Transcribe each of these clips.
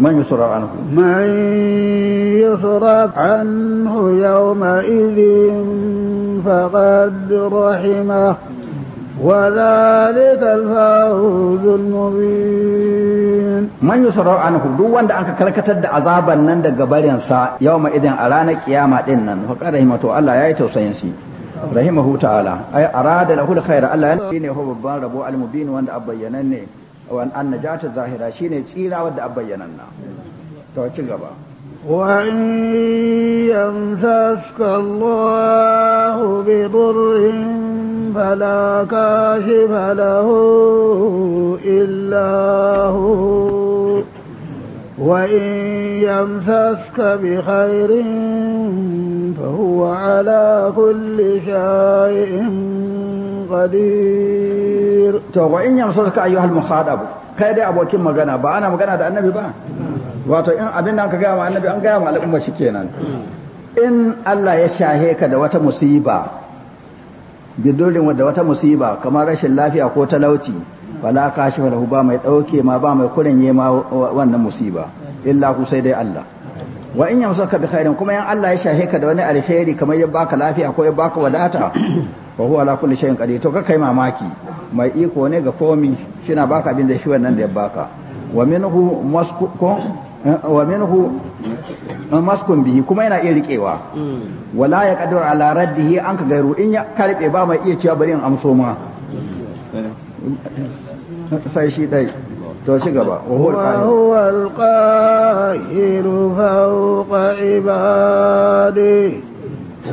من يصرف عنه من يصرف عنه يومئذ فقد رحمه وذلك الفوز المبين من يصرف عنه duk wanda aka karkatar da azaban nan daga barin sa yawma idan a ranar kiyama din nan fa rahima to Allah yayi tausayin shi rahimahu ta'ala ay arada lahu alkhair Allah yana ne babban rabo almubin wanda abbayyanan wani an na jata zahira shi ne tsira wadda abayyanan na ta wacce gaba wain يمسسك الله بضر فلا كاشف له إلا هو وإن يمسسك بخير qadir to wa in yamsaka ayyuhal mukhadab kai dai abokin magana ba ana magana da annabi ba wato in abin da aka gaya ma annabi an gaya ma al'umma kenan in Allah ya shahe ka da wata musiba bidurin da wata musiba kamar rashin lafiya ko talauci wala kashifa lahu ba mai dauke ma ba mai kurenye ma wannan musiba illa ku sai dai Allah wa in yamsaka bi khairin kuma in Allah ya shahe ka da wani alheri kamar ya baka lafiya ko ya baka wadata wa huwa ala kulli shay'in qadir to kai mamaki mai iko ne ga komi shina baka abin da shi wannan da ya baka wa minhu masku eh, wa minhu eh, maskun bihi kuma yana iya riƙewa mm. wala ya qadir ala raddihi an ka gairu in ya karbe ba mai iya cewa bari in amso ma sai shi dai to shi gaba wa huwa al-qahiru fawqa ibadihi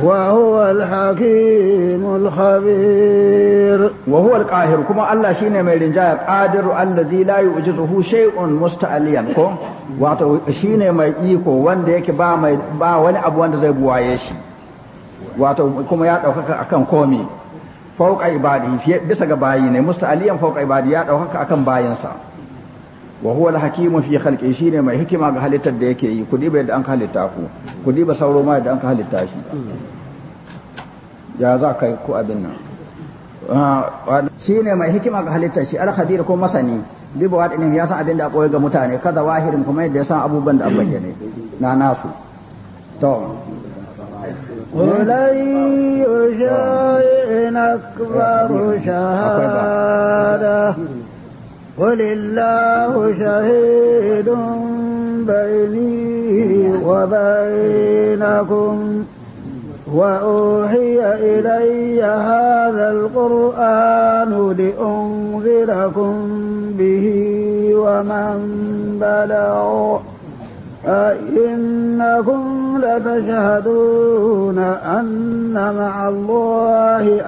وهو الحكيم الخبير وهو القاهر كما الله شينه mai rinjaya qadir alladhi la yu'jizuhu shay'un musta'liyan ko wato shine mai iko wanda yake ba wani abu wanda zai buwaye shi wato kuma ya daukaka akan komi fauqa ibadi bisa ga bayi ne musta'liyan fauqa ibadi ya daukaka akan bayinsa wa huwa al-hakimu fi khalqi shine mai hikima ga halittar da yake yi ku diba yadda an halitta ku ku diba sauro ma yadda an halitta shi ya za ka ku abin nan ah, shine mai hikima ga halittar shi al-khabir ko masani liba wa ɗinin ya san abin da koyi ga mutane kada wahirin kuma yadda ya san abubuwan da abban ne na nasu to ولن يجائن أكبر شهادة قل الله شهيد بيني وبينكم وأوحي إلي هذا القرآن لأنذركم به ومن بلغ أئنكم لتشهدون أن مع الله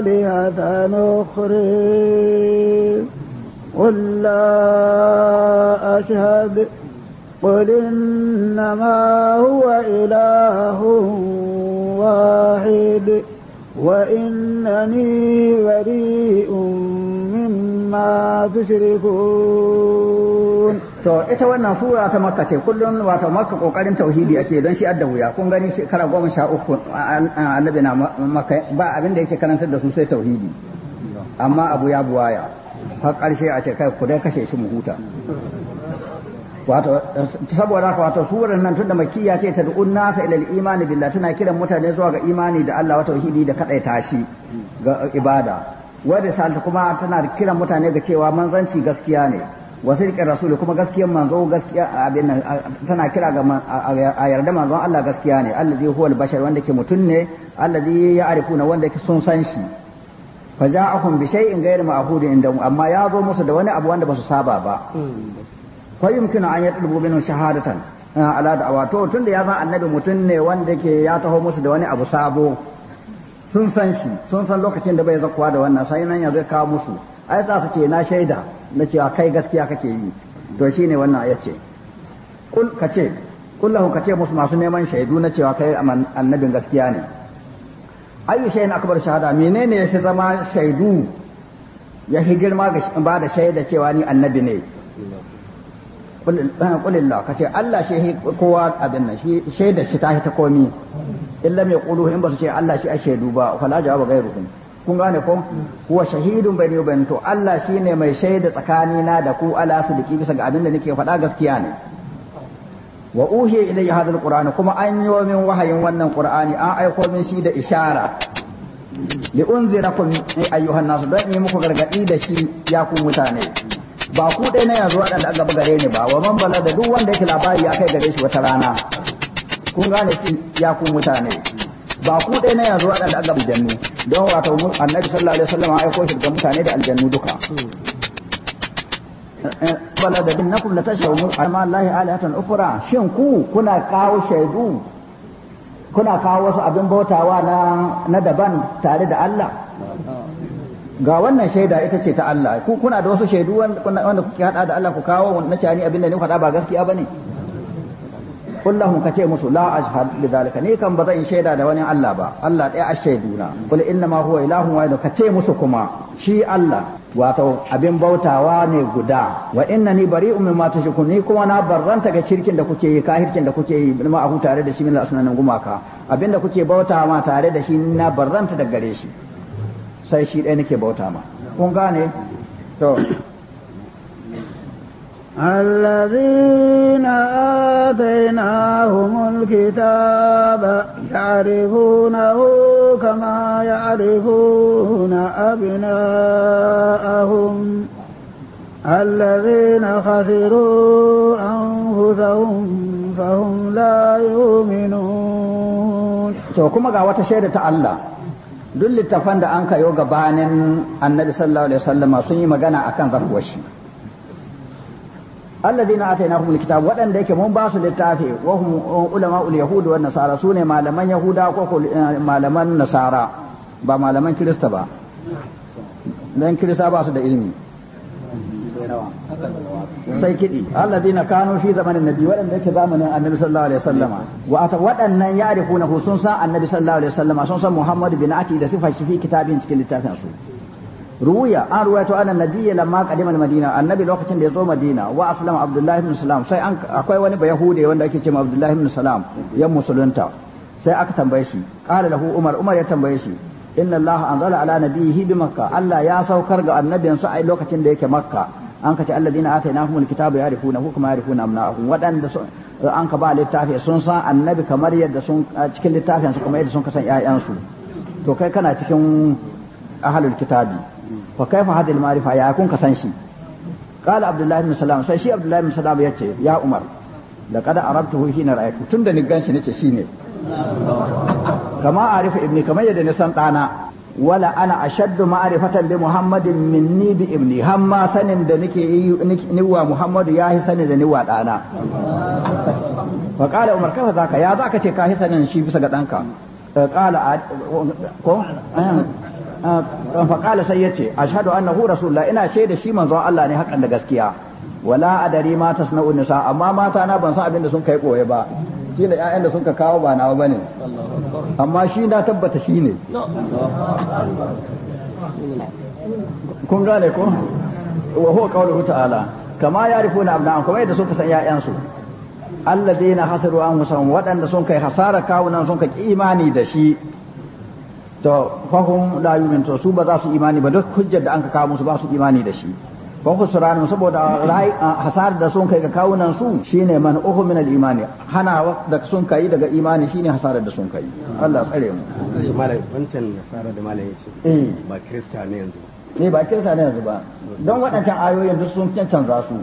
آلهة نخرج قل لا أشهد قل إنما هو إله واحد وإنني بريء مما تشركون to ita wannan sura ta makka ce kullum wato makka kokarin tauhidi ake don shi adda wuya kun gani shekara goma sha uku annabi na makka ba abin da yake karantar da su sai tauhidi amma abu ya buwaya har ƙarshe a ce kai ku dai kashe shi mu huta wato saboda haka wato su nan tunda makiyya ce ta du'un nasa ilal imani billah tana kiran mutane zuwa ga imani da Allah wato tauhidi da kadai tashi ga ibada wa risalatu kuma tana kiran mutane ga cewa manzanci gaskiya ne wa sirqin rasul kuma gaskiyan manzo gaskiya abin nan tana kira ga a yarda manzon Allah gaskiya ne allazi huwal bashar wanda ke mutun ne alladhi ya'rifuna wanda ke sun san shi fa ja'ahum bi shay'in ghayri ma'hud inda amma ya zo musu da wani abu wanda basu saba ba fa yumkinu an yatlubu minhu shahadatan ala da'awa to tunda ya san annabi mutum ne wanda ke ya taho musu da wani abu sabo sun san shi sun san lokacin da bai zakuwa da wannan sai nan ya zai kawo musu ai za su ce na shaida na cewa kai gaskiya kake yi to shine wannan ya ce kul kace kullahu kace musu masu neman shaidu na cewa kai annabin gaskiya ne ayu shayin akbar shahada menene yafi zama shaidu ya fi girma ga ba da shaida cewa ni annabi ne kulillah eh, ka ce Allah shi kowa abin nan shi shaida shi ta ta komi illa mai kulu in ba su ce Allah shi a shaidu ba fala jawaba gairukum kun gane ko kuwa shahidun bayni wa to Allah shi ne mai shaida tsakanina da ku ala ki bisa ga abin da nake faɗa gaskiya ne wa uhiya ilayya hadal qur'ani kuma an yi min wahayin wannan qur'ani an aiko min shi da ishara li unzirakum eh, ayyuhan nas don yi muku gargadi da shi ya ku mutane ba ku dai na yanzu da aka gare ni ba wa man balada da duk wanda yake labari ya kai gare shi wata rana kun gane shi ya ku mutane ba ku dai na yanzu da aka aljannu don wato annabi sallallahu alaihi wasallam aiko shi ga mutane da aljannu duka wala da bin nakum amma Allah alihatan ukura shin ku kuna kawo shaidu kuna kawo wasu abin bautawa na na daban tare da Allah ga wannan shaida ita ce ta Allah ku kuna da wasu shaidu wanda kuke hada da Allah ku kawo na cani ni abin da ni faɗa ba gaskiya bane ne kullahum kace musu la ashhadu bi zalika ni kan bazan shaida da wani Allah ba Allah ɗaya ashaiduna kul inna ma huwa ilahun wahid kace musu kuma shi Allah wato abin bautawa ne guda wa inna ni bari'un mimma tushrikun ni kuma na barranta ga shirkin da kuke yi kahircin da kuke yi ma abu tare da shi min asnanan gumaka abin da kuke bauta ma tare da shi na barranta da gare shi sai shi ɗaya nake bauta ma kun gane to الذين آتيناهم الكتاب يعرفونه كما يعرفون أبناءهم الذين خسروا أنفسهم فهم لا يؤمنون to kuma ga wata shaida ta Allah duk littattafan da an kayo gabanin annabi sallallahu alaihi wasallam sun yi magana a akan zakwashi alladhina atainahumul kitab wadanda yake mun ba su littafi wa hum ulama'ul yahud wan nasara sune malaman yahuda ko eh, malaman nasara ba malaman kirista ba dan kirista ba su da ilimi sai kiɗi alladhina kanu fi zamanin nabi waɗanda yake zamanin annabi sallallahu alaihi wasallama wa ata waɗannan ya'rifunahu sun san annabi sallallahu alaihi wasallama sun san muhammad bin ati da sifar shi fi kitabin cikin littafin su ruya an ruwaito ana nabiyya lamma qadima madina annabi lokacin da ya zo madina wa aslama abdullahi ibn salam sai an akwai wani bayahude wanda ake cewa abdullahi ibn salam ya musulunta sai aka tambaye shi qala lahu umar umar ya tambaye shi inna allaha anzala ala nabiyhi bi makka allah ya saukar ga annabinsa a lokacin da yake makka an kace alladina atainahumul kitaba ya'rifunahu kama ya'rifuna abna'ahum wadanda an ka ba littafi sun san annabi kamar yadda sun cikin littafin su kuma yadda sun kasan ƴaƴansu to kai kana cikin ahlul kitabi wa kaifa hadhihi al-ma'rifa ya kun ka san shi qala abdullahi ibn salam sai shi abdullahi ibn salam ya ce ya umar da kada laqad arabtuhu hina ra'aytu da ni ganshi nace shine kama arifa ibni kamar yadda ni san dana wala ana ashaddu ma'rifatan bi muhammadin minni bi ibni hamma sanin da nake yi wa muhammadu ya hi sanin da ni wa dana fa qala umar kafa zaka ya zaka ce ka hi sanin shi bisa ga danka qala ko faƙala sai ya ce ashhadu annahu rasulullah ina shaida shi manzon Allah ne hakan da gaskiya wala adari ma tasna'u unisa. amma mata na ban san abin da sun kai koye ba shi da ƴaƴan da sun ka kawo ba nawa ne? amma shi na tabbata shi ne kun gane ko wa huwa qawluhu ta'ala kama yarifuna abna'an kuma yadda suka san ƴaƴansu alladheena hasaru anfusahum waɗanda sun kai hasara kawunan sun ka imani da shi to fahum la yu'min to su ba za su imani ba duk hujjar da anka kawo musu ba su imani da shi fa khusranu saboda hasar da sun kai ga kawunan su shine man uhu min al imani hana da sun kai daga imani shine hasar da sun kai Allah tsare mu malam wancan hasarar da malam yace eh. ba krista ne yanzu ne eh, ba krista ne yanzu ba don waɗancan ayoyin duk sun canza su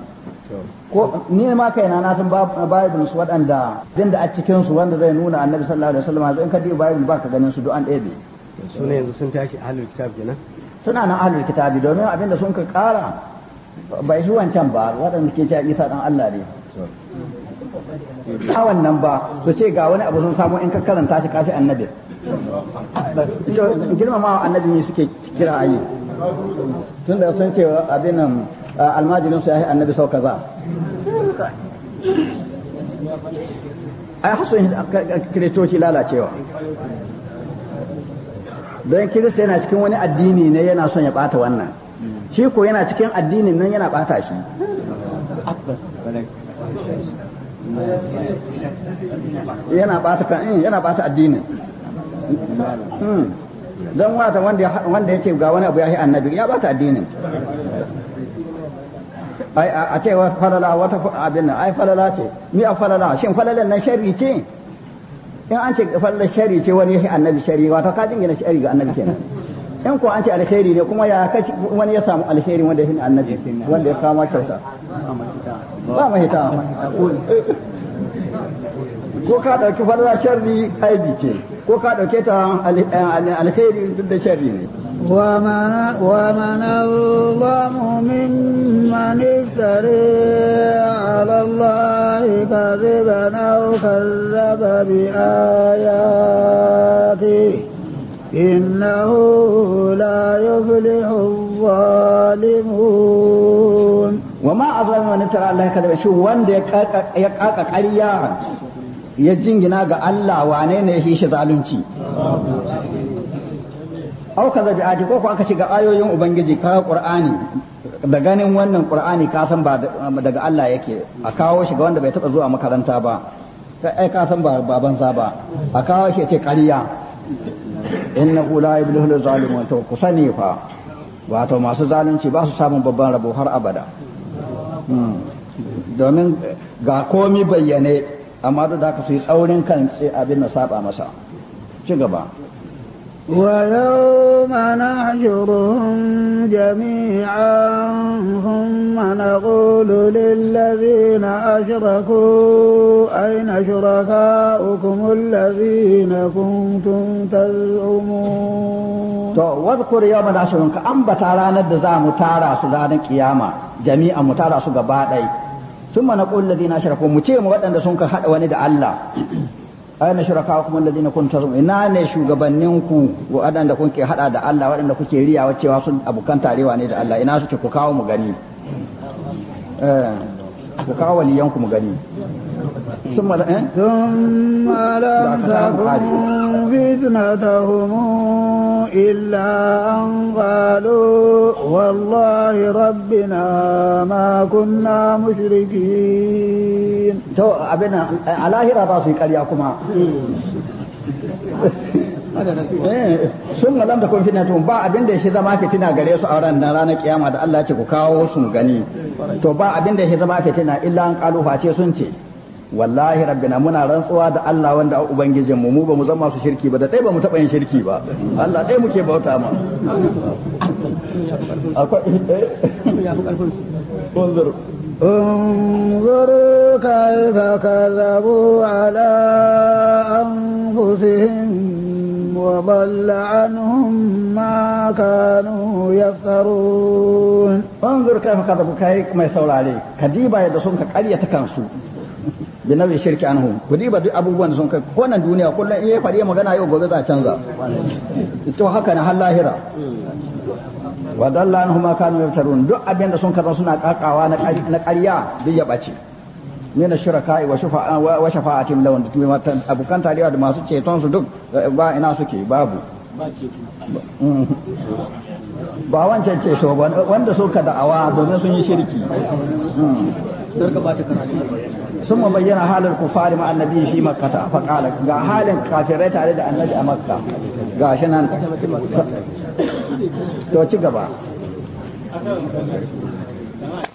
ko ni ma kaina na san bible su waɗanda din da a cikin su wanda zai nuna annabi sallallahu alaihi wasallam in ka duba bible ba ka ganin su duk an ɗaya suna yanzu sun tashi ahlul kitab kenan suna nan ahlul kitabi domin abinda sun ka kara bai shi wancan ba waɗanda ke cewa isa dan Allah ne a wannan ba su ce ga wani abu sun samu in ka karanta shi kafi annabi girmamawa annabi ne suke kira ayi tun da sun ce abin almajirin su yahi annabi sau kaza ai hasu kristoci lalacewa don kirista yana cikin wani addini ne yana son ya bata wannan shi ko yana cikin addinin nan yana bata shi yana bata kan eh, yana bata addinin hmm. don wata wanda ya ce ga wani abu ya yi annabi ya bata addinin a ce falala wata abin ai falala ce mi a falala shin falalan nan sharri ce in an ce fallar shari ce wani ya annabi shari wato ka jingina shari ga annabi kenan in ko an ce alheri ne kuma ya kaci wani ya samu alheri wanda ya annabi wanda ya kama kyauta ba hita ko ka dauki fallar shari aibi ce ko ka dauke ta eh, alheri duk da shari ne ومن, ومن الظلم ممن افتري على الله كذبا أو كذب بآياته إنه لا يفلح الظالمون وما أظلم من افترى الله كذبا شو وند يقاك قريا يجنجنا الله وانين هيش ظالمتي aukar da ko ko aka ce ga ayoyin ubangiji ka qur'ani da ganin wannan qur'ani ka san ba daga Allah yake a kawo shi ga wanda bai taba zuwa makaranta ba kai ka san ba baban sa ba a kawo shi ce ƙarya inna la yublihul zalimun to kusani fa wato masu zalunci ba su samun babban rabo har abada hmm. domin ga komi bayyane amma da ka su yi tsaurin kan eh, abin na saba masa ci gaba ويوم نحشرهم جميعا ثم نقول للذين أشركوا أين شركاؤكم الذين كنتم تزعمون to wadkur yawma nashirun ka ambata ranar da za mu tara su ranar kiyama jami'a mu tara su gaba ɗaya thumma naqul ladina ashraku mu ce mu waɗanda sun ka haɗa wani da Allah aina shuraka'ukum kun kuntum ina ne shugabanninku waɗanda kuke haɗa da Allah waɗanda kuke riyawa cewa sun abokan tarewa ne da Allah ina suke ku kawo mu gani eh, ku kawo waliyanku mu gani ثم لا ثم لم تكن فتنتهم إلا أن قالوا والله ربنا ما كنا مشركين تو أبنا على هي راسي قال ياكما sun malam da kun fitnatun ba abin da ya zama fitina gare su a ran ranar kiyama da Allah ce ku kawo su gani to ba abin da ya zama fitina illa an kalu face sun ce wallahi rabbina muna rantsuwa da Allah wanda a ubangijin mu mu ba mu zama su shirki ba da dai ba mu taba yin shirki ba Allah dai muke bauta ma akwai eh? unzur انظر كيف كذبوا على أنفسهم وضل عنهم ما كانوا يفترون انظر كيف كذبوا كيف ما يسول عليك كذيبا bi nawi shirki anhu ku diba duk abubuwan da sun kai ko nan duniya kullum in ya faɗi magana yau gobe za a canza to haka na har lahira wa dalla anhu ma kanu yaftarun duk abin da sun kaza suna kakawa na ƙarya duk ya bace min shuraka wa shafa wa shafa'atim lawan abukan tariya da masu ceton su duk ba ina suke babu mm. ba wancan ceto ba wanda suka da'awa domin sun yi shirki mm. suma bayyana halin kufari ma annabi shi makkata a faƙala ga halin kafirai tare da annabi a makka gaba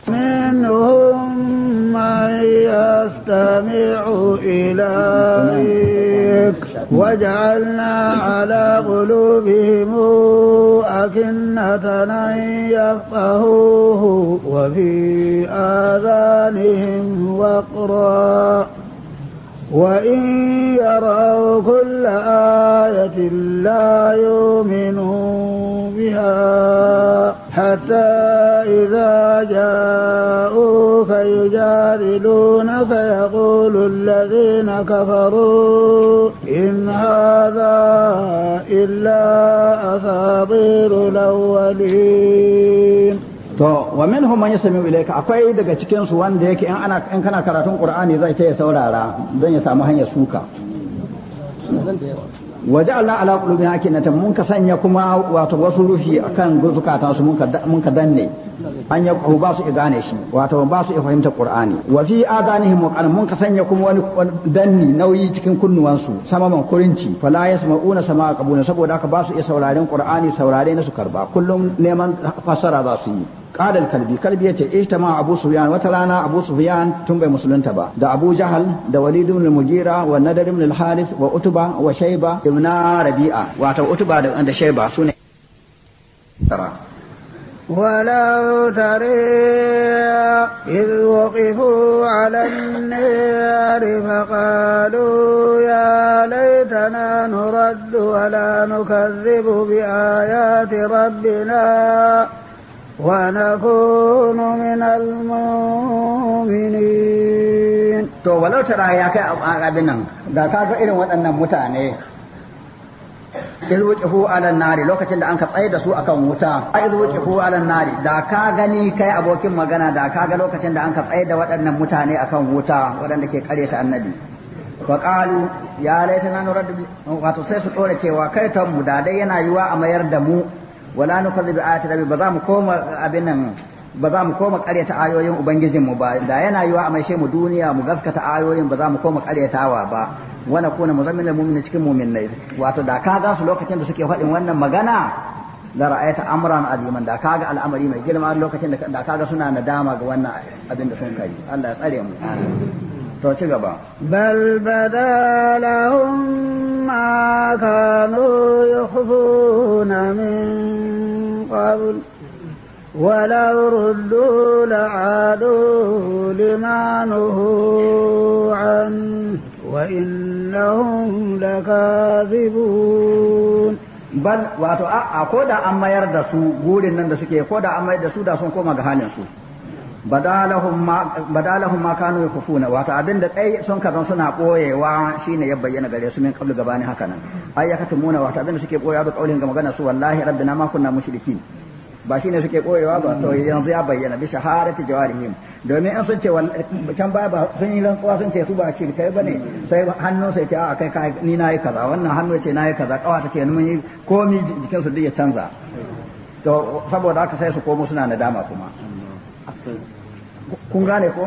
منهم من يستمع إليك واجعلنا على قلوبهم أكنة أن يفقهوه وفي آذانهم وقرا وإن يروا كل آية لا يؤمنون بها حتى إذا جاءوا يجادلونك فيقول الذين كفروا إن هذا إلا أساطير الأولين to wa minhum man yasmi ilayka akwai daga cikin su wanda yake in ana in kana karatun qur'ani zai ta ya saurara don ya samu hanyar suka waje Allah ala ake nata mun ka sanya kuma wato wasu rufi kan zukatan su mun ka danne an ya ku ba su igane shi wato ba su fahimta qur'ani wa fi adanihim muqan mun ka sanya kuma wani danni nauyi cikin kunnuwansu sama man kurinci fala yasma'una sama'a kabuna saboda haka ba su iya sauraren qur'ani saurare na su karba kullum neman fassara za su yi Ƙadar kalbi kalbi yace ijtama abu sufyan wata rana abu sufyan tun bai musulunta ba da abu jahal da walid ibn mugira wa nadar ibn al-harith wa utba wa shayba ibn rabi'a wato utba da shayba sune tara ولو ترى إذ وقفوا على النار فقالوا يا ليتنا نرد ولا نكذب بآيات ربنا ونكون من المؤمنين to walau tara ya kai abin nan da ka ga irin waɗannan mutane izwuqifu ala nari lokacin da an ka tsaye da su akan wuta a izwuqifu ala nari da ka gani kai abokin magana da ka ga lokacin da an ka tsaye da waɗannan mutane akan wuta waɗanda ke kare ta annabi wa qalu ya laitana nuraddu wato sai su dora cewa kai tan mu da dai yana yiwa a mayar da mu wala ta ayati rabbi ba za mu koma abin nan ba za mu koma ƙaryata ayoyin ubangijin mu ba da yana yiwa a maishe mu duniya mu gaskata ayoyin ba za mu koma ƙaryatawa ba wana kuna muzammin mu'mini cikin muminnai wato da ka ga lokacin da suke faɗin wannan magana la ra'ayta amran aziman da ka ga al'amari mai girma lokacin da ka ga suna nadama ga wannan abin da sun kai Allah ya tsare mu bal bada lahun maka nuyu hufuna min kwabin wala wuri dula caɗu limanu hucan wa in lahun bal wato a'a ko an mayar da su gurin nan da su ke an mayar da su da sun koma ga halin su. badalahum ma kanu yakufuna wato abin da dai sun kazan suna koyewa shine ya bayyana gare su min qablu gabani haka nan ayyakatu muna wato abin da suke koyawa da kaulin ga magana su wallahi rabbina ma kunna mushrikin ba shine suke koyewa ba to yanzu ya bayyana bi shaharati jawarihim domin in sun ce can baya ba sun yi rantsuwa sun ce su ba shirkai bane sai hannu sai ce a kai kai ni nayi kaza wannan hannu ce nayi kaza kawa ta ce mun yi komi jikin su duk ya canza to saboda haka sai su komo suna nadama kuma kun gane ko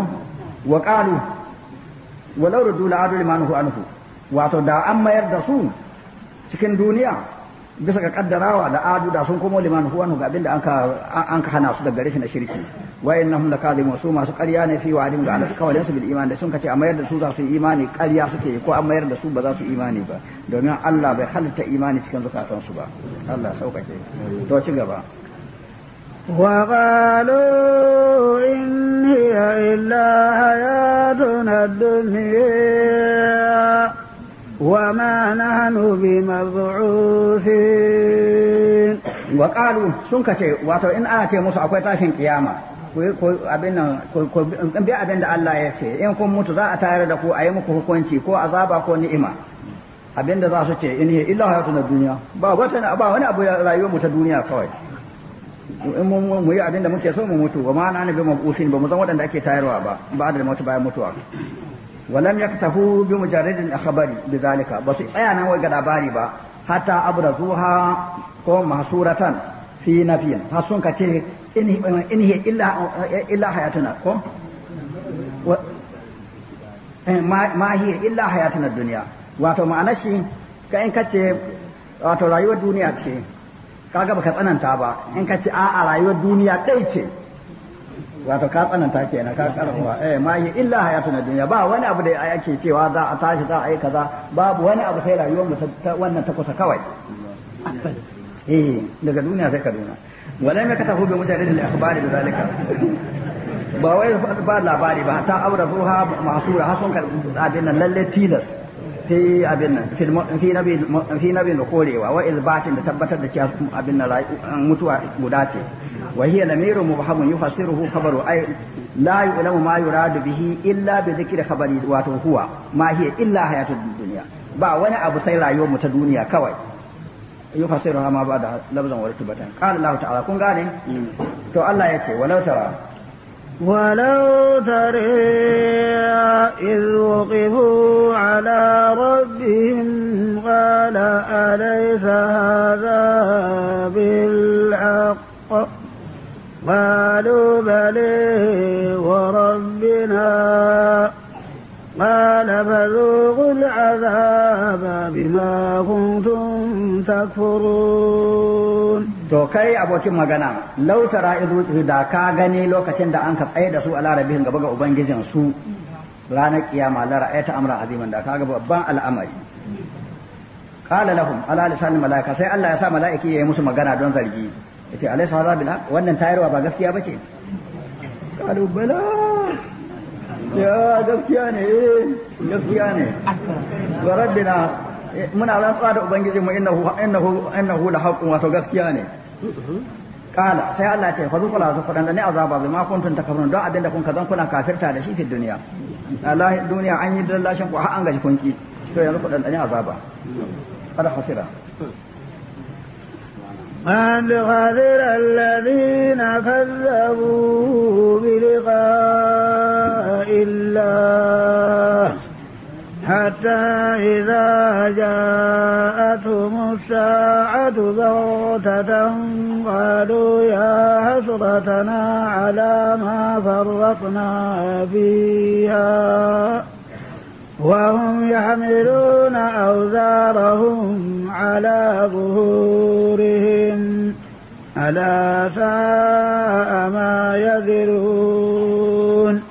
wa qalu wa walau ruddu la'adu liman hu anhu wato da an mayar da su cikin duniya bisa ga kaddarawa da adu da sun komo liman hu anhu ga abinda anka anka hana su daga rashin shirki wa innahum lakadhimun su masu ƙarya ne fi wa'adin ga alaka kawalin su bil iman da sun kace a mayar da su za su yi imani ƙarya suke ko an mayar da su ba za su imani ba domin Allah bai halitta imani cikin zukatansu ba Allah sauƙaƙe to ci gaba وقالوا إن هي إلا حياتنا الدنيا وما نحن بمبعوثين وقالوا سنكة واتو إن آتي موسى أكوية تاشين قيامة abin nan bi abin da Allah ya ce in kun mutu za a tare da ku a yi muku hukunci ko azaba ko ni'ima abin da za su ce in yi illa hayatuna dunya ba wata ba wani abu rayuwar mu ta duniya kawai mu yi abin da muke so mu mutu wa ma na bi mabusin ba mu zan waɗanda ake tayarwa ba ba da mutu bayan mutuwa walam yaktahu bi mujarradin akhbari bidhalika ba su tsaya nan wai ga labari ba hatta abrazuha ko mahsuratan fi nafiyin har sun kace in hiya illa illa hayatuna ko eh, ma hi illa hayatuna dunya wato ma'anar shi ka in kace wato rayuwar duniya ce kaga baka tsananta ba in ka ce a a rayuwar duniya ɗai ce wato ka tsananta kenan ka karfa eh ma yi illa hayatun duniya ba wani abu da ake cewa za a tashi za a yi kaza babu wani abu sai rayuwar mu ta wannan ta kusa kawai eh daga duniya sai kaduna wala ka tafi bi mutane da akhbari da zalika ba wai ba labari ba ta aura zuha masura hasan ka abin nan lalle tilas fi abin da korewa wa da tabbatar da cewa guda ce wa hiya lamiru mubhamun yufassiruhu khabaru ay la abu sai rayuwar mu ta duniya kawai yufassiruha ma ba mm. to Allah ولو ترى إذ وقفوا على ربهم قال أليس هذا بالحق قالوا بلي وربنا قال فذوقوا العذاب بما كنتم تكفرون to kai abokin magana lautara idu da ka gani lokacin da an ka tsaye da su a larabihin gaba ga ubangijin su ranar kiyama la ta amran aziman da ka ga babban al'amari qala lahum ala lisan malaika sai Allah ya sa malaiki yayi musu magana don zargi yace alaysa hadha wa haqq wannan tayarwa ba gaskiya bace qalu bala ya ah, gaskiya ne gaskiya ne wa rabbina muna rantsuwa da ubangijinmu innahu innahu innahu la haqqun wato gaskiya ne kala sai Allah ce fa zukula zu kudan da ne azaba bi ma kuntum takabbarun don abinda kun kazan kuna kafirta da shi fi duniya Allah duniya an yi dallashin ku har an gaji kun ki to yanzu kudan da ne azaba kada hasira قد خسر الذين كذبوا بلقاء الله حتى إذا جاءتهم بغتة قالوا يا حسرتنا على ما فرطنا فيها وهم يحملون أوزارهم على ظهورهم ألا ساء ما يذرون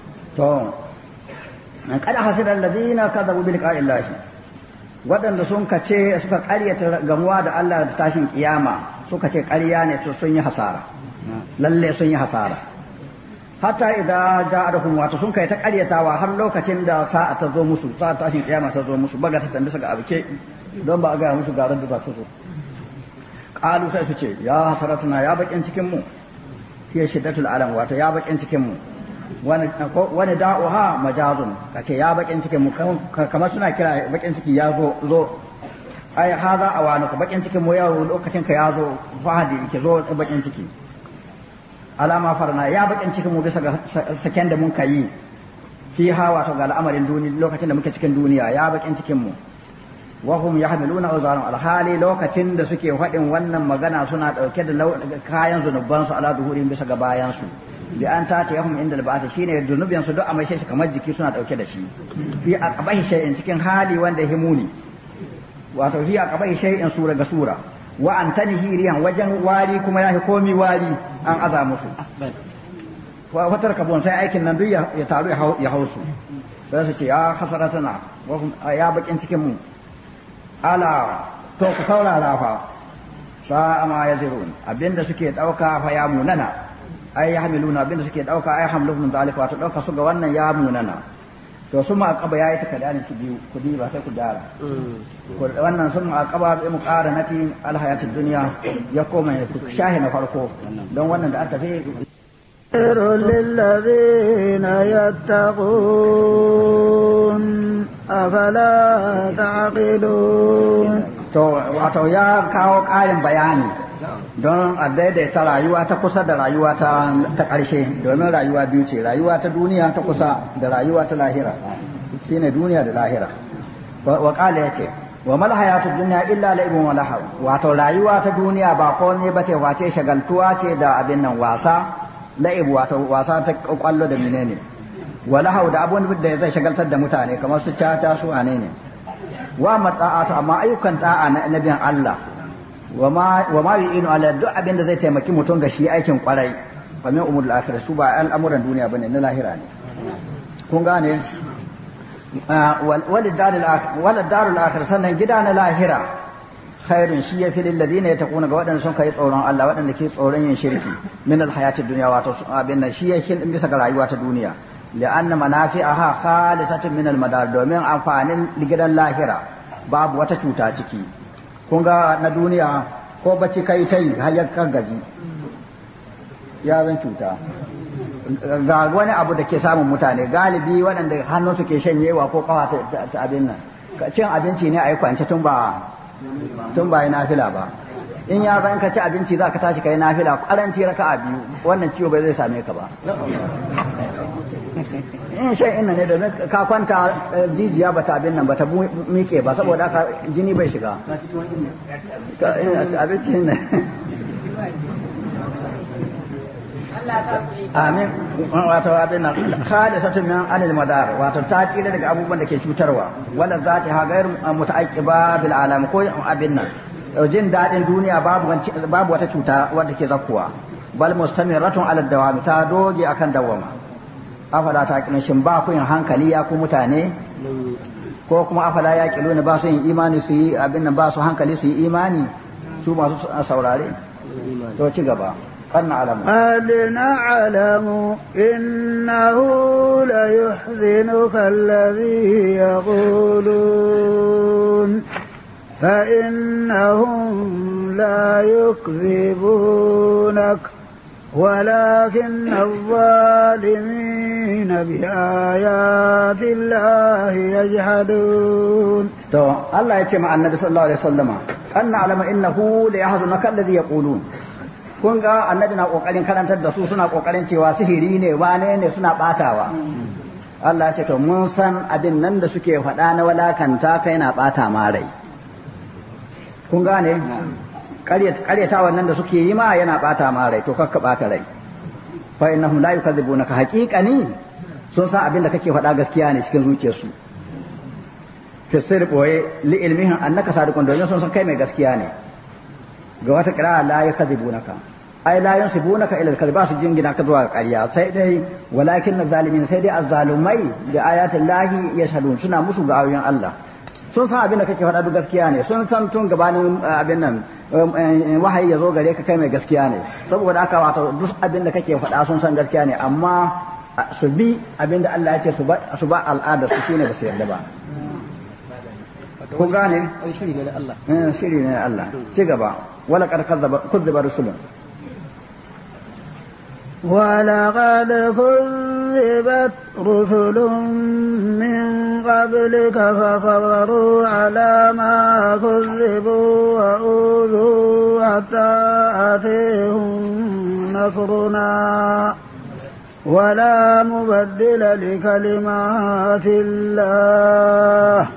قد حسر الذين كذبوا بلقاء الله waɗanda sun ka ce suka ƙaryata gamuwa da Allah da tashin ƙiyama, suka ce ƙarya ne to sun yi hasara lalle sun yi hasara hatta da ja'atuhum wato sun kai ta ƙaryatawa har lokacin da sa'a ta zo musu sa'a tashin kiyama ta zo musu baga ta tambisa ga abuke don ba a ga musu garar da za ta zo qalu sai su ce ya hasaratuna ya bakin cikin mu ya shiddatul alam wato ya bakin cikin mu wani da'uha majazun ka ce ya bakin ciki mu kamar suna kira bakin ciki ya zo zo ai za a wani bakin ciki mu yau lokacin ka ya zo fahadi ke zo bakin ciki alama farna ya bakin ciki mu bisa ga saken da mun kai fi ha wato ga al'amarin duniya lokacin da muke cikin duniya ya bakin cikin mu wa hum yahmiluna uzaran alhali lokacin da suke fadin wannan magana suna dauke da kayan zunubansu ala zuhurin bisa ga su. bi an ta ta yahum inda ba'ata shine dunubiyan su duk a maishe shi kamar jiki suna dauke da shi fi aqbahi shay'in cikin hali wanda himuni wato fi aqbahi shay'in sura ga sura wa an tanhi riyan wajen wari kuma yahi komi wari an aza musu wa watar kabon sai aikin nan duk ya taru ya hausu sai su ce ya hasaratana ya bakin cikin mu ala to ku saurara fa sa'a ma yazirun abinda suke dauka fa ya munana ai na abinda suke dauka ai hamluhum zalika wato dauka su ga wannan ya munana to su ma akaba yayi ta kadani ci biyu ku ba sai ku dara wannan sun ma akaba bi nati al hayatid dunya ya koma ya shahi na farko don wannan da aka fi خير للذين يتقون أفلا تعقلون to wato ya kawo ƙarin bayani don a daidaita rayuwa ta kusa da rayuwa ta ƙarshe domin rayuwa biyu ce rayuwa ta duniya ta kusa da rayuwa ta lahira shine duniya da lahira wa ya ce wa mal hayatud dunya illa la'ibun wa lahaw wato rayuwa ta duniya ba ko ne bace wace shagaltuwa ce da abin nan wasa la'ib wato wasa ta kwallo da menene wa lahaw da abun da zai shagaltar da mutane kamar su caca su anene wa mata'atu amma ayyukan ta'a na biyan Allah wa ma yu'inu ala duk abin da zai taimaki mutum ga shi aikin kwarai fa min umurul akhirah su ba al'amuran duniya bane na lahira ne kun gane ah, darul sannan gida na lahira khairun shi yafi lil ladina yatakuna ga waɗanda sun kai tsoron Allah ke tsoron yin shirki min al hayatid dunya wato abin nan shi yake bisa ga rayuwa ta duniya li'anna manafi'aha khalisatun min al madar domin amfanin gidan lahira babu wata cuta ciki kun ga na duniya ko bacci kai ta yi har ya gaji ya zan cuta ga wani abu da ke samun mutane galibi waɗanda hannunsu ke shanyewa ko kawa ta abin nan cin abinci ne a yi kwance tun ba tun ba yi nafila ba in ya zan ka ci abinci za ka tashi ka yi nafila ƙaranci raka a biyu wannan ciwo bai zai same ka ba in shan inna ne domin ka kwanta eh, jijiya ba ta abin nan ba ta miƙe ba saboda haka jini bai shiga ka eh, abinci ne amin wato abin nan khalisatun min anil madar wato ta tsira daga abubuwan da ke cutarwa wala za ta ha gair eh, muta'aqiba bil alam ko abin nan jin dadin duniya babu babu wata cuta wanda ke zakkuwa bal mustamiratun ala dawami ta doge akan dawama afala ta kina shin ba ku yin hankali ya ku mutane ko kuma afala ya kilo ne ba su yin imani su yi abin nan ba su hankali su yi imani su masu saurare to ci gaba قد نعلم قد نعلم إنه ليحزنك الذي يقولون فإنهم لا يكذبونك ولكن الظالمين بآيات الله يجحدون تو الله يتمع النبي صلى الله عليه وسلم أن نعلم إنه ليحزنك الذي يقولون kun ga annabi na kokarin karantar da su suna kokarin cewa sihiri ne wane ne suna batawa Allah ya ce to mun san abin nan da suke faɗa na walakanta kai na bata ma rai kun gane ƙaryata wannan da suke yi ma yana ɓata ma rai to kakka ɓata rai fa innahum la yukadzibunaka haqiqani sun san abin da kake faɗa gaskiya ne cikin zuciyarsu fisir boye li ilmihin annaka sadiqun domin sun san kai mai gaskiya ne ga wata qira'a la yukadzibunaka ai la yunsibunaka ila al ba su jingina ka zuwa ƙarya sai dai walakin zalimin sai dai azzalumai da ayatin lahi yashhadun suna musu ga ayoyin Allah sun san abin da kake faɗa gaskiya ne sun san tun gabanin abin nan wahayi ya zo gare ka kai mai gaskiya ne saboda aka wato duk abin da kake faɗa sun san gaskiya ne amma su bi abin da Allah ya ce su ba al'ada su shine ba su yarda ba ku gane shiri ne Allah eh, shiri ne Allah ci gaba wala qad kuzziba rusulun ولقد كذب كذبت رسل من قبلك فصبروا على ما كذبوا وأوذوا حتى أتيهم نصرنا ولا مبدل لكلمات الله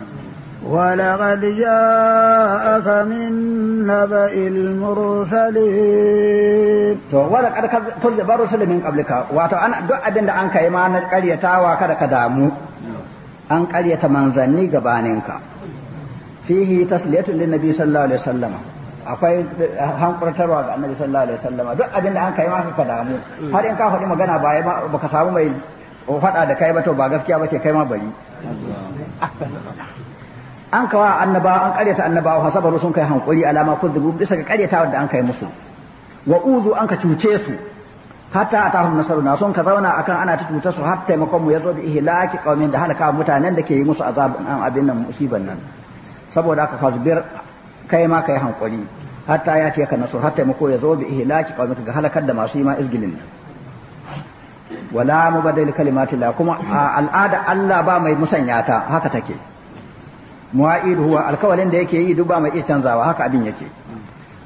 ولقد جاءك من نبأ المرسلين to wala kad kuzzabar rusul min qablika wato an duk abin da an kai ma na karyatawa kada ka damu an karyata manzanni gabaninka fihi tasliyatun lin nabi sallallahu alaihi wasallam akwai ga annabi sallallahu alaihi wasallam duk abin da an kai ma ka damu har in ka faɗi magana ba ka samu mai faɗa da kai ba to ba gaskiya ba ce kai ma bari an kawa annabawa an karyata annabawa sabaru sun kai hankuri alama kuzubu bisa ga karyatawar da an kai musu wa uzu an ka cuce su hatta nasaru na sun ka zauna akan ana ta cuta su har taimakon mu yazo bi ihlaki qaumin da halaka mutanen da ke yi musu azab an abin nan musiban nan saboda haka fasbir kai ma kai hankuri hatta ya ce ka nasu har taimako yazo bi ihlaki qaumin ga halakar da masu yi ma izgilin nan wala mubadil kalimatillah kuma al'ada Allah ba mai musanya ta haka take huwa alkawalin da yake yi duk ba mai iya canzawa haka abin yake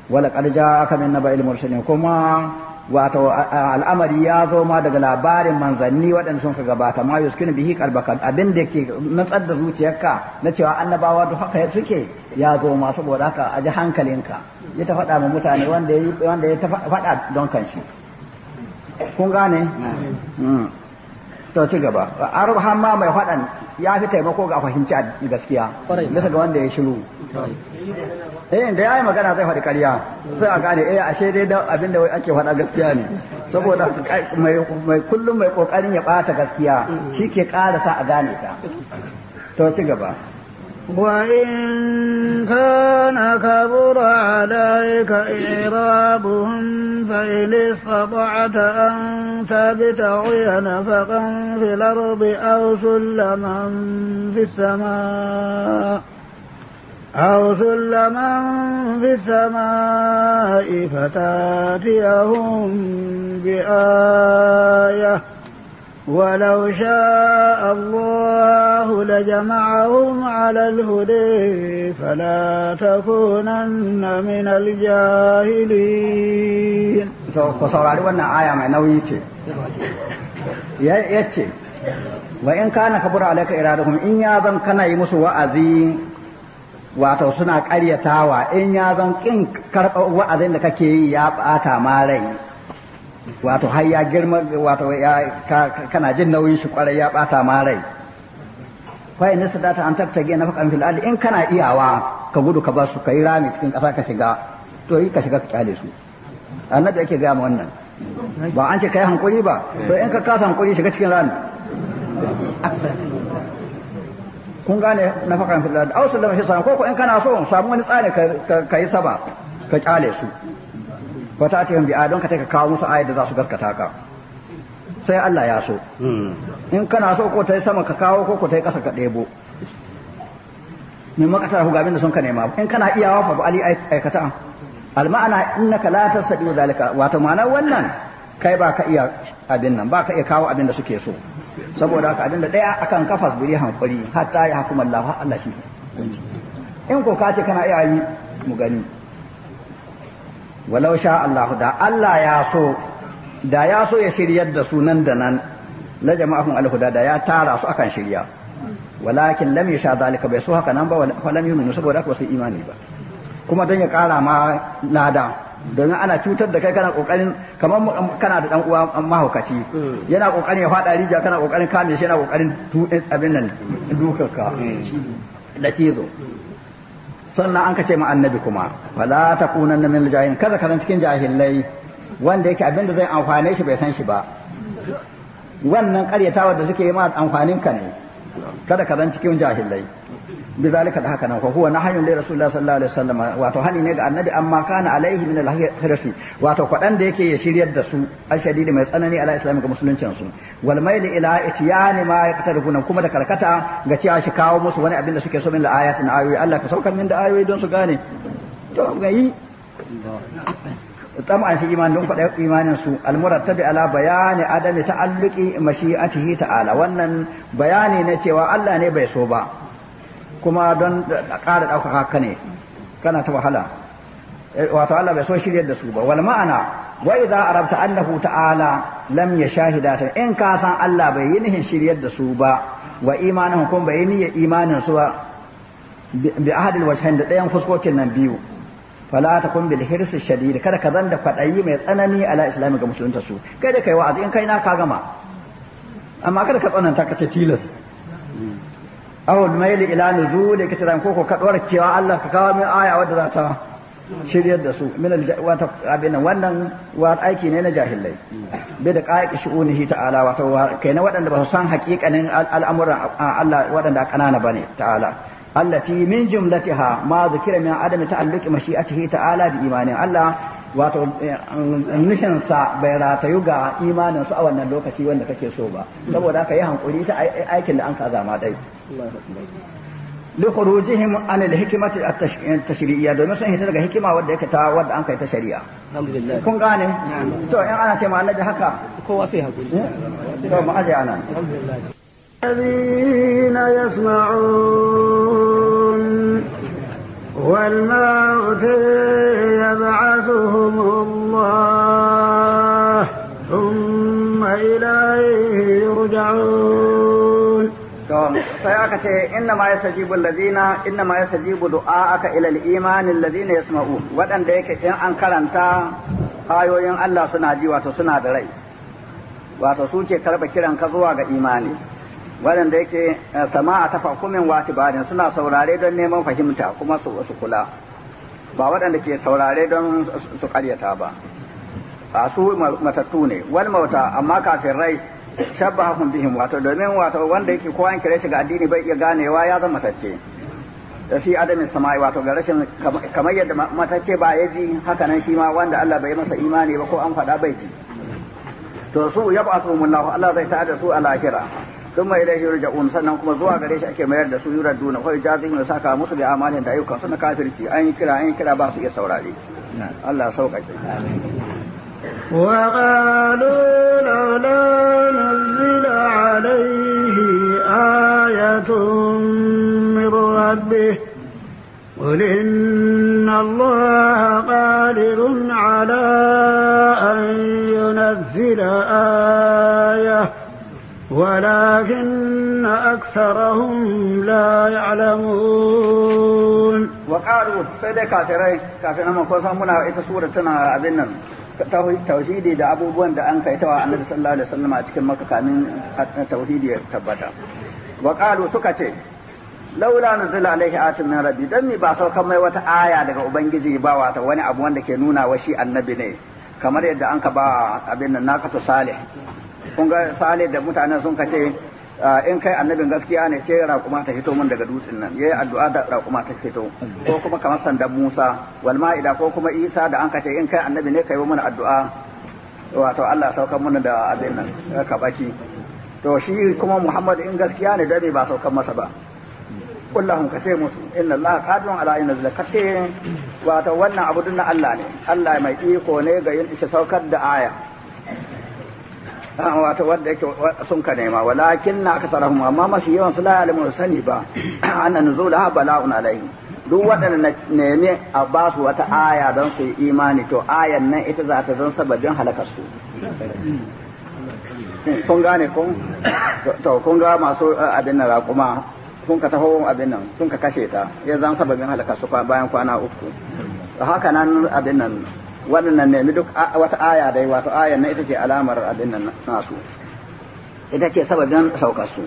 wala qad ja'aka min naba'il mursalin kuma wato al'amari ya zo ma daga labarin manzanni waɗanda sun ka gabata ma yuskinu bihi qalbaka abin da ke natsar da zuciyarka na cewa annabawa duk haka suke ya zo ma saboda haka a ji hankalinka ya ta faɗa ma mutane wanda ya ta faɗa don kanshi kun gane to ci gaba arab hamma mai faɗan ya fi taimako ga fahimci a gaskiya bisa ga wanda ya shiru eh da yi magana zai faɗi karya sai a gane eh ashe dai da abinda da ake faɗa gaskiya ne saboda mai kullum mai kokarin ya bata gaskiya shi ke ƙara sa a gane ta to ci gaba وإن كان كبر عليك إعرابهم فإن استطعت أن تبتغي نفقا في الأرض أو سلما في السماء أو سلما في السماء فتاتيهم بآية ولو شاء الله لجمعهم على الهدى فلا تكونن من الجاهلين ku saurari wannan aya mai nauyi ce ya ce wa in na kabura alaika iraduhum in ya zan kana yi musu wa'azi wato suna karyatawa in ya zan kin karɓar wa'azin da kake yi ya ɓata ma rai wato har ya girma wato ya kana jin nauyin shi kwarai ya bata ma rai fa in sadata an tabtage na fakan fil in kana iyawa ka gudu ka basu kai rami cikin kasa ka shiga to yi ka shiga ka kyale su annabi yake ga wannan ba an ce kai hankuri ba to in ka kasa hankuri shiga cikin rami kun gane na fakan fil ali ausu sallama shi ko ko in kana so samu wani tsani ka yi saba ka kyale su wata atiyan bi don ka ka kawo musu ayat da za su gaskata ka sai Allah ya so hmm. in kana so ko ta yi sama ka kawo ko ko ta yi ƙasa ka ɗebo min makatar hu gabin da sun ka nema in kana iyawa fa ali aikata alma'ana innaka la tastadiu zalika wato ma'ana wannan kai ba ka iya abin nan ba ka iya kawo abin da suke so saboda haka abin da daya akan kafas buri hankuri hatta ya hukuma Allah Allah shi in ko ka ce kana iya yi mu gani walau sha Allah da Allah ya so da ya so ya shiryar da su nan da nan la jama'ahum al-huda da ya tara su akan shirya walakin lam yasha zalika bai so haka nan ba lam yunu saboda haka wasu imani ba kuma don ya kara ma lada domin ana cutar da kai kana kokarin kamar kana da dan uwa mahaukaci yana kokarin ya fada rijiya kana kokarin kame shi yana kokarin abin nan dukarka da cizo sannan an kace ma annabi kuma wala takunanna min al kaza kaza cikin jahilai wanda yake abinda zai amfane shi bai san shi ba wannan karyatawa da suke yi ma amfanin ka ne kada ka cikin jahilai bi zalika da haka nan ko huwa nahyun li rasulullahi sallallahu alaihi wasallam wato hani ne ga annabi amma kana alaihi min al-hirsi wato kwadan da yake ya shiryar da su ashadidi mai tsanani ala islami ga musuluncin su wal mail ila itiyani ma yaqtaruna kuma da karkata ga cewa shi kawo musu wani abin da suke so min la ayatin ayoyi Allah ka saukar min da ayoyi don su gane to ga yi طمعا في إيمان دون قد إيمان سو المرتب على بيان عدم تعلق مشيئته تعالى وأن بياني نتي الله نبي سوبا kuma don ƙara ɗaukaka ka ne kana ta wahala eh, wato Allah bai so shirya da su ba wal ma'ana wa idza arabta annahu ta'ala lam ta in ka san Allah bai yi nihin shiryar da su ba wa imanin kun bai yi niyyar imanin su ba bi ahadil wajhain da ɗayan fuskokin nan biyu fala ta kun bil hirs shadid kada ka zanda kwadayi mai tsanani ala islami ga musulunta su kai da kai wa'azi in kai na ka gama amma kada ka tsananta ka ce tilas awul maili ila nuzul kitran koko ka dora cewa Allah ka kawo min aya wadda za ta shiryar da su min wata abin wannan wa aiki ne na jahilai bai da qa'iq shu'unihi ta'ala wato kai na wadanda ba su san haƙiƙanin al'amuran Allah waɗanda kanana bane ta'ala allati min jumlatiha ma zikira min adami ta'alluqi mashi'atihi ta'ala bi imani Allah wato eh, nufinsa bai ratayu ga imanin su a wannan lokaci wanda kake so ba saboda ka yi hankuri ta aikin da an kaza ma dai li khurujihim an al hikmati at tashri'iyya domin sun hita daga hikima wadda yake ta wadda an kai ta shari'a alhamdulillah kun gane to in ana ce ma annabi haka kowa sai hakuri eh? to mu aje ana alhamdulillah الذين يسمعون والموتين sai aka ce inna ma yastajibu alladhina inna ma yastajibu du'aaka ila al-iman alladhina yasma'u wadanda yake in an karanta ayoyin Allah suna ji wato suna da rai wato su ke karba kiran ka zuwa ga imani wadanda yake eh, sama'a tafakkumin watibadin suna saurare don neman fahimta kuma su kula ba waɗanda ke saurare don su karyata ba a su matattu ne wal mauta amma kafin rai shabbahum bihim wato domin wato wanda yake kowa an kire shi ga addini bai iya ganewa ya zama matacce fi adamin sama'i wato ga rashin kamar yadda matacce ba ya ji haka nan shi ma wanda Allah bai masa imani ba ko an faɗa bai ji to su ya ba su mullahu Allah zai tada su a lahira thumma ja yurja'un sannan kuma zuwa gare shi ake mayar da su duna ko ya saka musu da amalin da ayyukan su na kafirci an yi kira an kira ba su iya saurare Allah sauƙaƙe amin وقالوا لولا نزل عليه آية من ربه قل إن الله قادر على أن ينزل آية ولكن أكثرهم لا يعلمون وقالوا سيدي كافرين كافرين من قوة منا إتسورة أبنا tauhidi da abubuwan da an kai tawa annabi sallallahu alaihi wasallam a cikin makka kamin tauhidi ya tabbata wa qalu suka ce laula nuzila alaihi atun min rabbi dan mi ba saukan mai wata aya daga ubangiji ba wata wani abu wanda ke nuna wa shi annabi ne kamar yadda an ka ba abin nan to salih kun ga salih da mutanen sun kace Ah, in kai annabin gaskiya ne ce raƙuma ta fito mun daga dutsen nan yayi addu'a da raƙuma ta fito ko kuma kamar sandan Musa wal ma'ida ko kuma Isa da an kace in kai annabi ne kai mun addu'a wato Allah saukar mun da abin nan ka baki to shi kuma Muhammad in gaskiya ne dai ba saukar masa ba kullahum kace musu inna Allah qadirun ala ayyin nazla kace wato wannan abu Allah ne Allah mai iko ne ga yin shi saukar da aya wato wanda yake sun ka nema walakin na aka sarahum amma masu yawan su la ya'lamu sani ba anna nuzulaha bala'un alaihi duk waɗanda nemi a ba su wata aya don su yi imani to ayan nan ita za ta zan sababin halakar su kun gane kun to kun ga masu eh, abin nan kuma kun ka taho abin nan kun ka kashe ta ya zan sababin halakar su bayan kwana uku haka nan abin nan waɗannan nemi duk wata aya dai wato ayan na ita ce alamar abin nan nasu ita ce sababin saukar su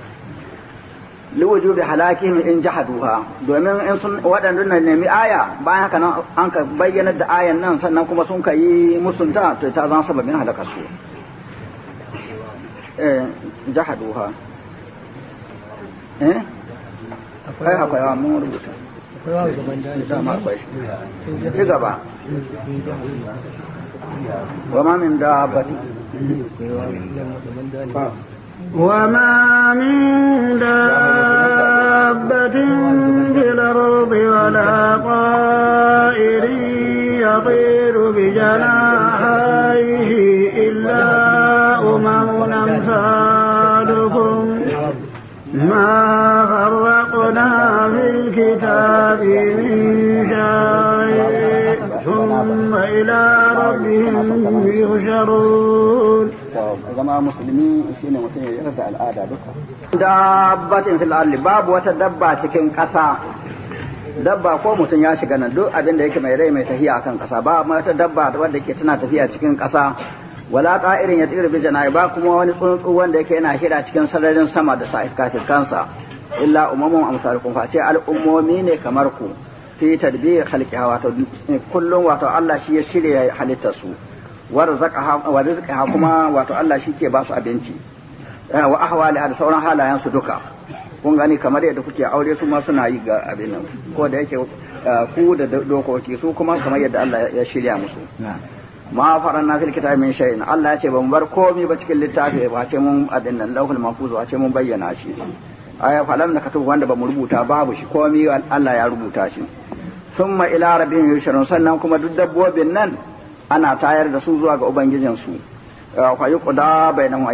liwuju bi halakihim in jahaduha domin in sun wadannan na nemi aya bayan haka nan an ka bayyana da ayan nan sannan kuma sun ka yi musunta to ta zama sababin halakar su eh jahaduha eh akwai akwai mun rubuta akwai wa gaban da ma akwai ci gaba وما من دابة وما من دابة في الأرض ولا طائر يطير بجناحيه إلا أمم أمثالكم ما فرقنا في الكتاب من شاء ثم إلى ربهم يحشرون zama musulmi shine mutum ya yarda al'ada duka dabbatin fil ardi babu wata dabba cikin ƙasa dabba ko mutum ya shiga nan duk abinda yake mai rai mai tafiya akan ƙasa ba wata dabba wanda ke tana tafiya cikin ƙasa wala irin ya tsira bi jana'i ba kuma wani tsuntsu wanda yake yana hira cikin sararin sama da sa kansa illa umamun amsalukum fa ce al'ummomi ne kamar ku fi tadbir khalqiha wato eh, kullum wato Allah shi ya shirya halitta su wa rizqaha kuma wato Allah shi ke ba su abinci eh, wa ahwali da sauran halayen su duka kun gani kamar yadda kuke aure su ma suna yi ga abin ko da yake eh, ku da dokoki su kuma kamar yadda Allah ya shirya musu ma faran na fil kitab min shay'in Allah ya ce ban bar komai ba cikin littafi ba ce mun nan lawhul mahfuz ba ce mun bayyana shi falam na katubu wanda ba mu rubuta babu shi komi Allah ya rubuta shi summa ila rabbihim yushrun sannan kuma duk dabbobin nan ana tayar da su zuwa ga ubangijin su fa yuqda bainahum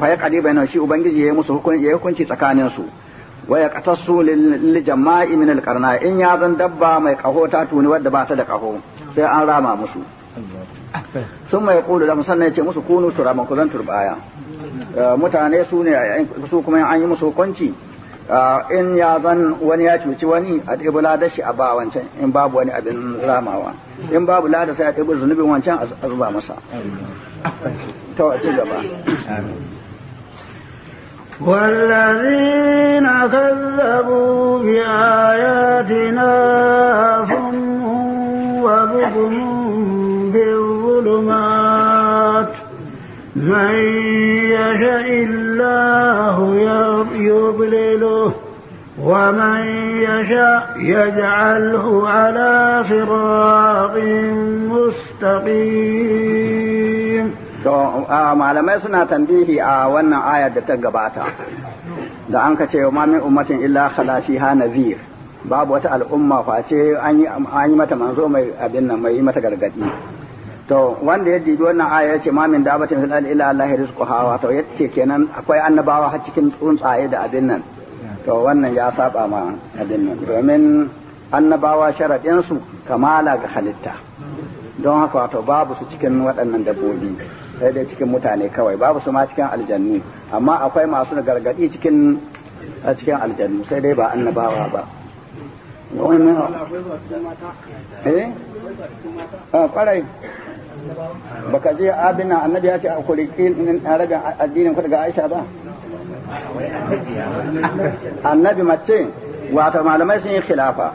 fa yaqdi bainahum shi ubangiji yayi musu hukunci yayi hukunci tsakanin su wa yaqtasu lil jama'i min al qarna in ya zan dabba mai kaho ta tuni wadda ba ta da kaho sai an rama musu sun mai kulu da musanna ce musu kunu turaban ku zan turbaya eh, mutane su ne su kuma an yi musu hukunci eh, in ya zan wani ya cuci wani a ɗibi ladar shi a ba wancan in babu wani abin ramawa in babu ladar sai a ɗibi zunubin wancan a zuba masa ta wace gaba na والذين كذبوا بآياتنا هم وبكم من يشاء الله يضلله ومن يشاء يجعله على صراط مستقيم malamai suna tambihi a wannan ayar da ta gabata da an ka ce wa min ummatin illa khala fiha nazir babu wata al'umma face an yi mata manzo mai abin nan mai mata gargadi to wanda ya dibi wannan aya ya ce ma min dabatin fil ardi illa Allah rizquha hawa to yace kenan akwai annabawa har cikin tsuntsaye da abin nan to wannan ya saba ma abin nan domin annabawa sharadin su kamala ga halitta don haka wato babu su cikin waɗannan dabbobi sai dai cikin mutane kawai babu su ma cikin aljannu amma akwai masu gargadi cikin cikin aljannu sai dai ba annabawa ba wannan eh kwarai ah, baka je abin nan annabi ya ce a kuliki na rabin addinin ku daga Aisha ba annabi mace wato malamai sun yi khilafa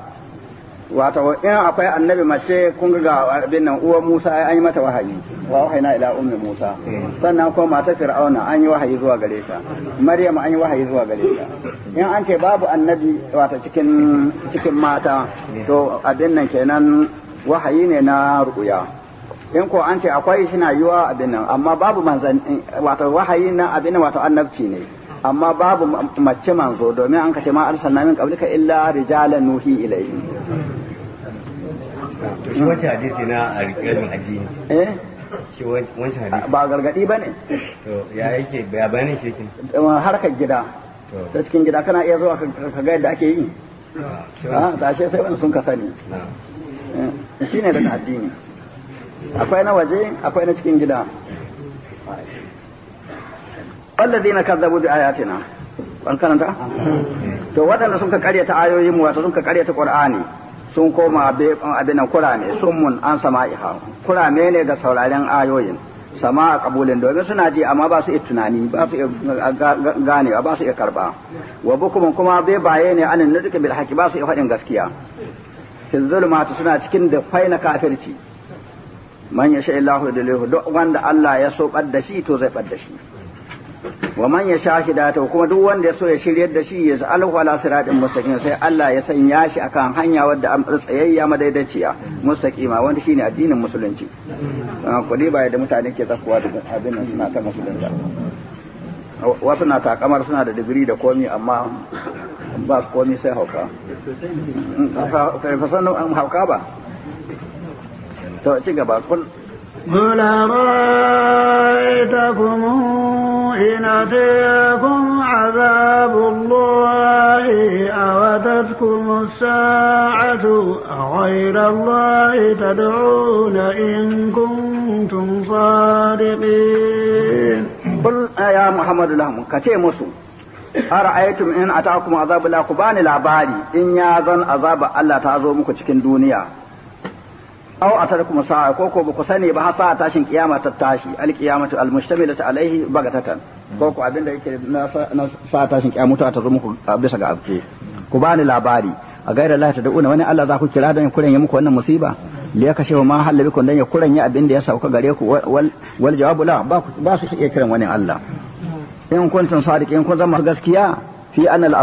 wato in akwai annabi mace kun ga abin nan uwar Musa an yi mata wahayi wa wahayi na ila ummi Musa sannan kuma mata Fir'auna an yi wahayi zuwa gare ta Maryam an yi wahayi zuwa gare ta in an ce babu annabi wato cikin cikin mata to abin nan kenan wahayi ne na ruya in ko an ce akwai shi na yiwa abin nan amma babu manzan wato wahayi na abin nan wato annabci ne amma babu mace manzo domin an kace ma arsalna min qablika illa rijalan nuhi ilayhi to shi wace hadisi na alƙalin addini eh shi wancan hadisi ba gargadi bane to ya yake bayanin shi kin harkar gida ta cikin gida kana iya zuwa ka ga yadda ake yi a ah, ah, tashe sai wani sun ka sani eh, shi ne daga addini akwai na waje akwai na cikin gida wallazina kazzabu bi ayatina an karanta to waɗanda sun ka ta ayoyin mu wato sun ka ta qur'ani sun koma abinan kurame sun mun an sama sama'iha kurame ne ga sauraren ayoyin sama a kabulin domin suna ji amma ba su iya tunani ba su iya gane ba su iya karba wa bukumin kuma bai baye ne anin nudukin bil haki ba su iya faɗin gaskiya fi zulmatu suna cikin da fai na kafirci man yasha da yudlihu duk wanda Allah ya so badda shi to zai badda shi wa man yasha hidayata kuma duk wanda ya so ya shirya da shi ya za'alahu ala siratin mustaqim sai Allah ya sanya shi akan hanya wadda an tsayayya madaidaciya mustaqima wanda shine addinin musulunci kudi ba da mutane ke tsakuwa da abin nan suna ta musulunci wasu na takamar suna da digiri da komi amma ba komi sai hauka hauka ba To ci gaba kun. Mula raita ina te kun azabu a wata kuma sa'atu a waira Allahi ta da'una in kuntum sadiqi. Kun ya Muhammadu Lahmu ka ce musu. a ra'aitum in a ta kuma azabu ku bani labari in ya zan azaba Allah ta zo muku cikin duniya. aw atarkum sa'a ko ko ba ku sani ba hasa tashin kiyama ta tashi alqiyamatu almustamilatu alaihi bagatatan ko ko abinda yake na sa'a tashin kiyama ta zo muku bisa ga abke ku bani labari a gaira Allah ta da'una wani Allah za ku kira don ya kuranye muku wannan musiba li ya kashe ma don ya kuranye abin ya sauka gare ku wal jawabu la ba su iya kiran wani Allah in kuntum sadiqin kun zama gaskiya fi in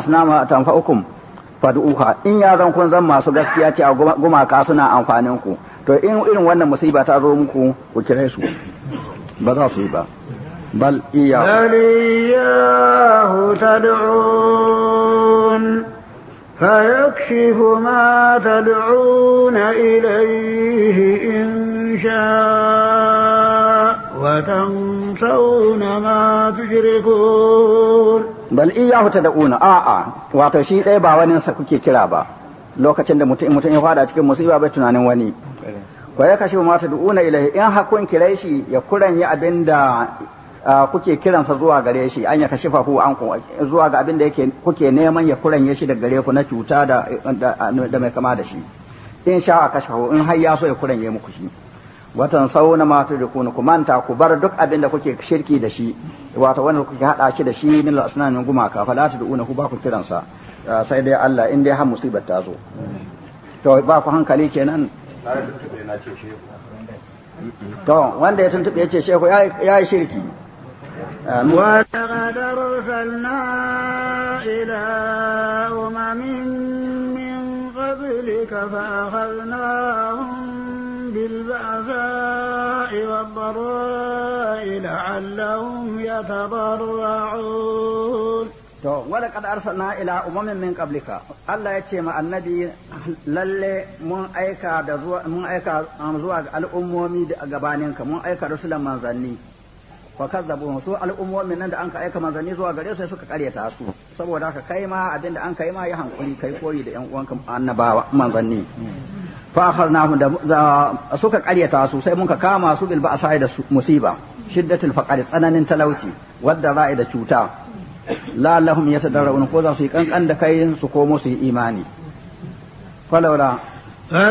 ya zan masu gaskiya ce a gumaka suna amfanin ku to in irin wannan musiba ta zo muku ku kire su ba za su yi ba bal iya bal iyahu tad'un فيكشف ما تدعون إليه إن شاء وتنسون ما تشركون بل إياه تدعون آآ واتشيء ba wani sa kuke kira lokacin da mutum mutum ya fada cikin musiba bai tunanin wani wa ya kashe ma ta du'una ilahi in hakun kire shi ya kuran yi kuke kiransa zuwa gare shi an ya kashe fahu an zuwa ga abinda yake kuke neman ya kuran shi da gare ku na cuta da da mai kama da shi in sha a kashe in har ya so ya kuran yi muku shi watan na ma ta dukuna ku manta ku bar duk abinda kuke shirki da shi wato wanda kuke hada shi da shi min al-asnan gumaka fala ta du'una ku ba ku kiransa Ah, sai dai Allah inda ya har musibar ta zo to ba ku hankali kenan to wanda ya tuntube ya ce shehu ya yi shirki ah, ولقد أرسلنا إلى أمم من قبلك فأخذناهم بالبأساء والضراء لعلهم يتضرعون to wala kad arsalna ila umamin min qablika Allah ya ce ma annabi lalle mun aika da zuwa mun aika um, zuwa ga al'ummomi da gabaninka mun aika rasulan manzanni fa kazzabu su al'ummomi nan da anka aika manzanni zuwa gare su suka karyata su saboda haka kai ma abinda an kai ma ya hankuli kai koyi da yan uwanka annabawa manzanni fa akhadnahum da suka karyata su sai mun ka kama su bil ba'sa da musiba shiddatul faqr tsananin talauci wadda ra'i da cuta la'allahum yatadarrabun ko za su yi kankan da kai su komo su yi imani falawla a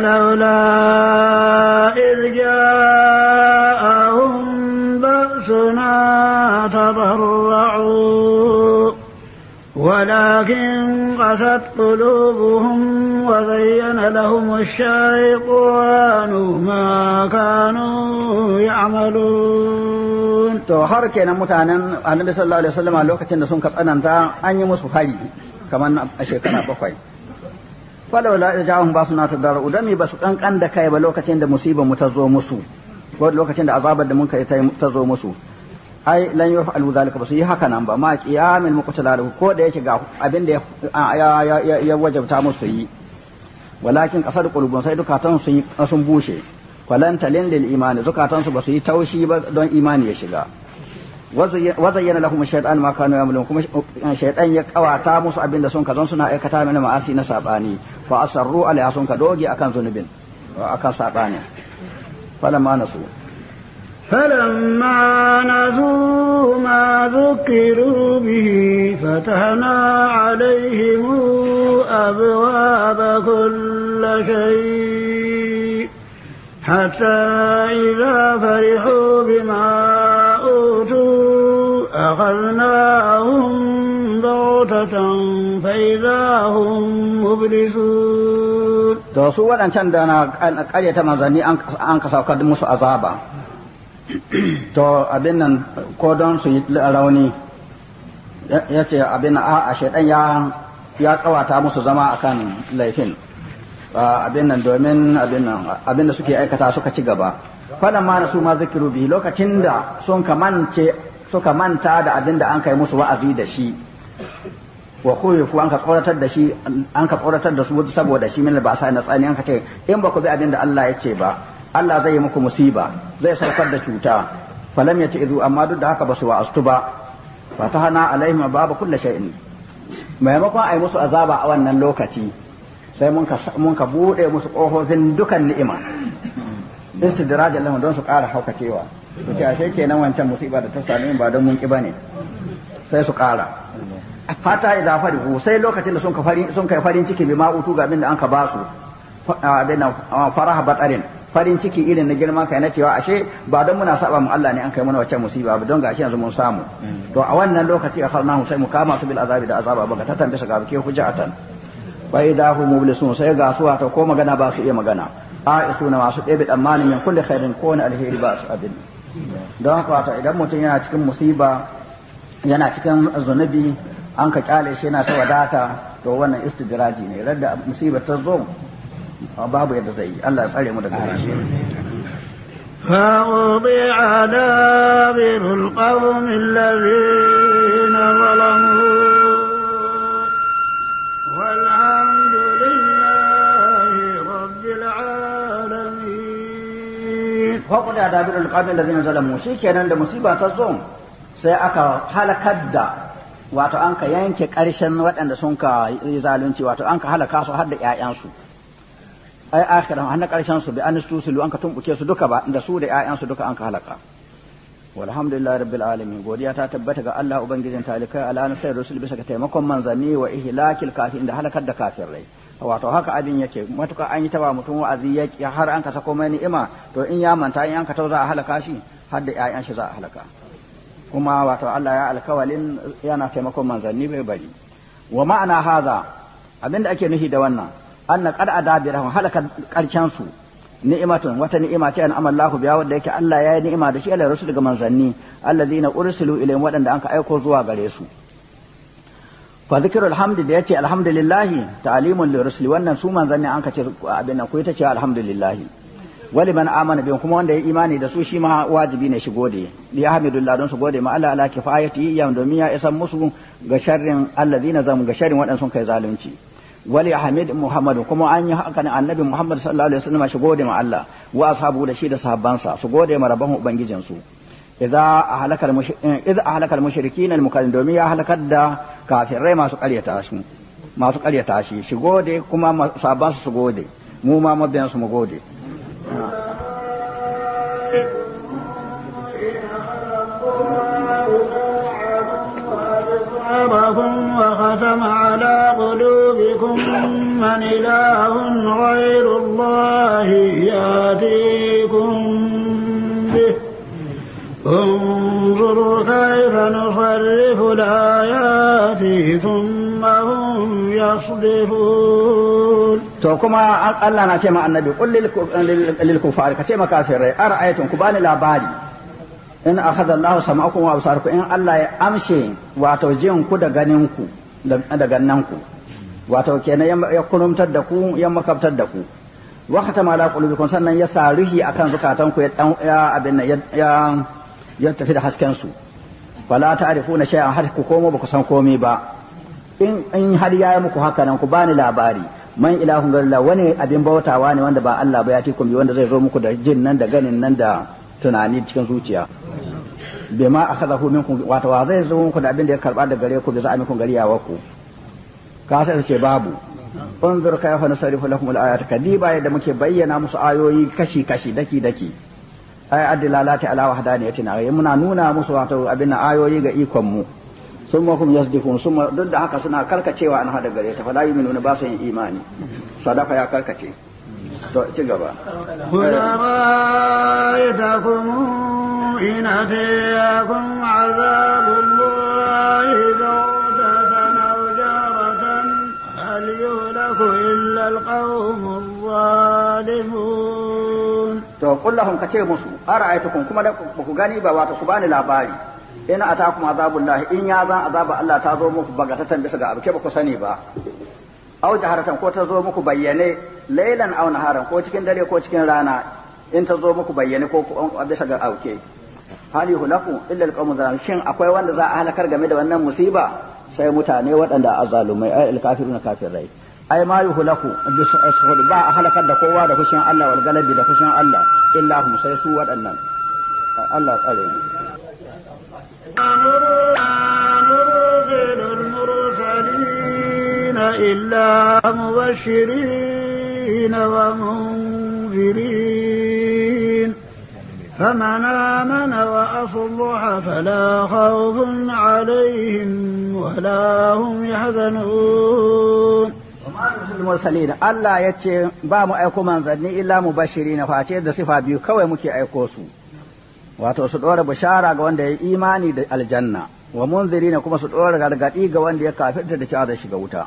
idh ja'ahum ba'suna tadarra'u ولكن قست قلوبهم وزين لهم الشيطان ما كانوا يعملون to har kenan mutanen annabi sallallahu alaihi wasallam lokacin da sun ka tsananta an yi musu hari kamar a shekara bakwai falau la ja'ahum basuna tadarru dami su kankan da kai ba lokacin da musibar mu ta zo musu ko lokacin da azabar da mun kai ta zo musu ai lan yaf'alu zalika ba su yi haka nan ba ma qiyamul muqtala ko da yake ga abin da ya wajabta musu yi walakin ƙasar qulubun sai dukatan sun sun bushe falan talin lil imani zukatan su ba su yi taushi ba don imani ya shiga wazayyana lahum shaytan ma kanu yamlun kuma shaytan ya kawata musu abin da sun zan suna aikata mana ma'asi na sabani fa asarru a sun ka doge akan zunubin akan sabani na nasu فلما نزوا ما ذكروا به فتحنا عليهم أبواب كل شيء حتى إذا فرحوا بما أوتوا أخذناهم بغتة فإذا هم مبلسون أن أن أن أن أن أن أن أن أن أن azaba to abin nan ko don su yi rauni ya ce abin a shaidan ya ya kawata musu zama akan laifin abin nan domin abin nan abin da suke aikata suka ci gaba fadan ma na su ma zikiru bi lokacin da sun kamance suka manta da abin da an kai musu wa'azi da shi wa khuyifu an ka tsoratar da shi an ka tsoratar da su saboda shi min ba sa na tsani an ka ce in ba ku bi abin da Allah ya ce ba Allah zai yi muku musiba zai sarkar da cuta falam ya izu amma duk da haka ba su wa'astu ba fa ta hana alaihim babu kulli shay'in maimakon ai musu azaba a wannan lokaci sai mun ka mun ka bude musu kofofin dukan ni'ima istidraj lahum don su ƙara haukacewa to ke ashe kenan wancan musiba da ta same ba don mun ki bane sai su ƙara fata idza farihu sai lokacin da sun ka farin sun kai farin ciki bi ma utu ga abin da an ka basu na faraha batarin farin ciki irin na girma kai na cewa ashe ba don muna saba mu Allah ne an kai mana wacce musiba ba don gashi yanzu mun samu to a wannan lokaci a kharnahu sai mu kama su bil azabi da azaba baka tatan su ga ke hujatan bai da hu mublisun sai ga su ta ko magana ba su iya magana a na masu ɗebe tsammanin min kulle khairin ko na alheri ba su abin don haka idan mutum yana cikin musiba yana cikin zunubi an ka kyale shi yana ta wadata to wannan istidraji ne radda musibar ta zo babu yadda zai yi Allah ya tsare mu daga gare shi فوضع دابر القوم الذين ظلموا والحمد لله رب العالمين فوضع دابر القوم zalamu shi ke nan da musiba ta zo sai aka halakar da wato an ka yanke ƙarshen waɗanda sun ka zalunci wato an ka halaka su har da 'ya'yansu ai akhiran har na karshen su bi an susilu an ka tumbuke su duka ba da su da ƴaƴan su duka an ka halaka walhamdulillahi rabbil alamin godiya ta tabbata ga Allah ubangijin talikai al'an sai rusul bisa ga taimakon manzanni wa ihlakil kafirin da halakar da kafirai wato haka abin yake matuka an yi taba mutum wa'azi ya har an ka sako mai ni'ima to in ya manta in an ka tau za a halaka shi har da ƴaƴan shi za a halaka kuma wato Allah ya alkawalin yana taimakon manzanni bai bari wa ma'ana haza abinda ake nufi da wannan anna qad adabirahum halaka karshen su ni'matun wata ni'ima ce an amallahu biya wanda yake Allah ya yi ni'ima da shi Allah rasul daga manzanni allazina ursilu ilayhim wadanda an ka aiko zuwa gare su fa dhikrul hamd da yace alhamdulillah ta'limun li rusuli wannan su manzanni an ka ce abin nan ku ta ce alhamdulillah wali man amana bihim kuma wanda ya imani da su shi ma wajibi ne shi gode li hamdulillah don su gode ma Allah ala kifayati yam domin ya isan musu ga sharrin allazina zamu ga sharrin sun kai zalunci wali hamid muhammadu kuma an yi haka annabi muhammad sallallahu alaihi wasallam shi gode ma Allah wa ashabu da shi da sahabbansa su gode ma rabban ubangijin su idza ahlakal mushrikin idza ahlakal mushrikin al domin ya halakar da kafirai masu ƙaryata shi masu ƙaryata shi shi gode kuma sahabbansa su gode mu ma mabiyan su mu gode Thank ah. you. ختم على قلوبكم من إله غير الله يأتيكم به انظروا كيف نصرف الآيات ثم هم يصدفون to kuma Allah na ce ma annabi qul lil kufar ka ce ma kafirai ara'aytum ku bani labari in akhadha Allahu sam'akum wa absarakum in Allah ya amshe wato jin ku da ganin ku daga nan ku wato kenan ya kurumtar da ku ya makabtar da ku wa khatama ala qulubikum sannan ya saruhi akan zukatan ku ya dan ya abin ya ya tafi da hasken su wala ta'rifuna shay'an har ku komo ba ku san komai ba in in har ya yi muku haka nan ku bani labari man ilahun gallah wani abin bautawa ne wanda ba Allah ba ya tikum bi wanda zai zo muku da jin nan da ganin nan da tunani cikin zuciya bai ma akhadahu minkum wata wa zai zo muku da abin da ya karba da gare ku bi za'amikum gari yawa ku ka sai ce babu unzur kayfa nusarifu lakum al-ayat kadiba yadda muke bayyana musu ayoyi kashi kashi daki daki ay adilalati ala wahdaniyatina ay muna nuna musu wato abin ayoyi ga ikon mu summa hum yasdifun summa duk da haka suna karkacewa an hada gare ta fa la yu'minuna ba su yin imani sadaka ya karkace to ci gaba والذين فيكم عذاب الله بغتة أو جارة هل يهلك إلا القوم الظالمون to qul lahum kace musu ara'aytukum kuma da ku gani ba wato ku bani labari in atakum azabullahi in ya zan azaba Allah ta zo muku bagatatan bisa ga abuke ba ku sani ba aw jaharatan ko ta zo muku bayyane lailan aw naharan ko cikin dare ko cikin rana in ta zo muku bayyane ko bisa ga auke hali hulaku illa alqawmu zalim shin akwai wanda za a halakar game da wannan musiba sai mutane waɗanda azzalumai ay alkafiruna kafirai ay ma yuhlaku bisuhud ba a halakar da kowa da kushin Allah wal galabi da kushin Allah illa hum sai su waɗannan Allah tsare ni إلا مبشرين ومنذرين فمن آمن وأصلح فلا خوف عليهم ولا هم يحزنون المرسلين الله يتي با mu aiko manzanni illa mubashirin face da sifa biyu kawai muke aiko su wato su dora bishara ga wanda ya imani da aljanna wa munzirina kuma su dora gargadi ga wanda ya kafirta da cewa zai shiga wuta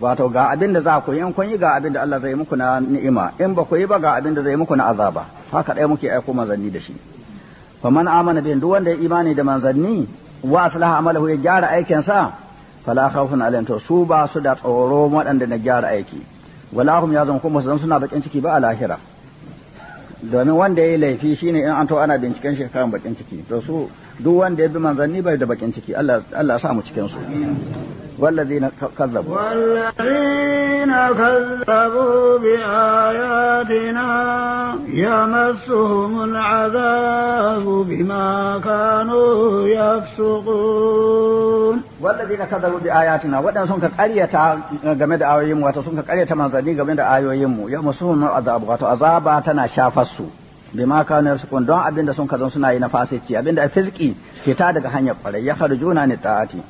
wato ga abin da za ku yi in kun yi ga abin da Allah zai muku na ni'ima in ba ku yi ba ga abin da zai muku na azaba haka ɗaya muke aiko manzanni da shi man amana bin duk wanda ya imani da manzanni wa aslaha amalahu ya gyara aikin sa fala khawfun alayhim to su ba su da tsoro waɗanda na gyara aiki wala hum yazun kuma su suna bakin ciki ba a lahira domin wanda ya yi laifi shine in an to ana binciken shi kan bakin ciki to su duk wanda ya bi manzanni bai da bakin ciki Allah Allah ya sa mu cikin su والذين كذبوا والذين كذبوا بآياتنا يمسهم العذاب بما كانوا يفسقون والذين كذبوا بآياتنا ودن سنك قرية game da ayoyinmu wato sun karyata manzanni game da ayoyinmu ya musu mun azab wato azaba tana shafar su bima kanu yafsukun don abinda sun kazan suna yi na fasici abinda fiski fita daga hanyar kwarai ya kharujuna ni ta'ati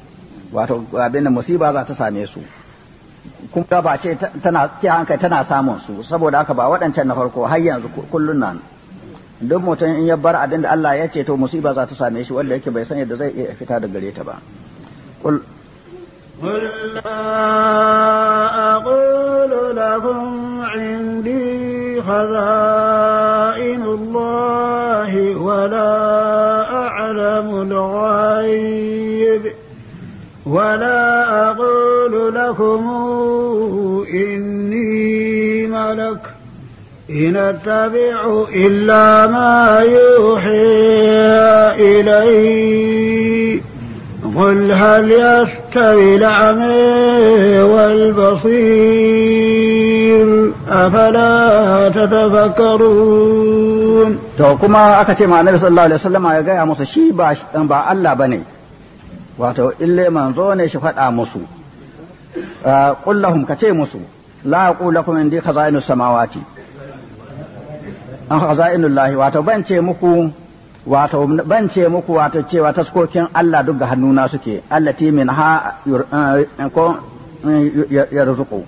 wato abin da musiba za ta same su kuma ba ce tana hankali tana samun su saboda haka ba waɗancan na farko har yanzu kullun nan duk mutum in ya bar abin da Allah ya ce to musiba za ta same shi wanda yake bai san yadda zai iya fita da gare ta ba قل قل لا أقول لكم عندي خزائن الله ولا أعلم الغيب ولا أقول لكم إني ملك إن أتبع إلا ما يوحي إلي قل هل يستوي الأعمى والبصير أفلا تتفكرون تو كما أكتم النبي صلى الله عليه وسلم يا جاي موسى شي با الله بني wato ille manzo ne shi faɗa musu kullahum ah, ka ce musu la aqulakum indi khazainus samawati an ah, lahi wato ban ce muku wato ban ce muku wato cewa taskokin Allah duk ga hannuna suke Allah ti min ha eh, ko eh, yarzuqu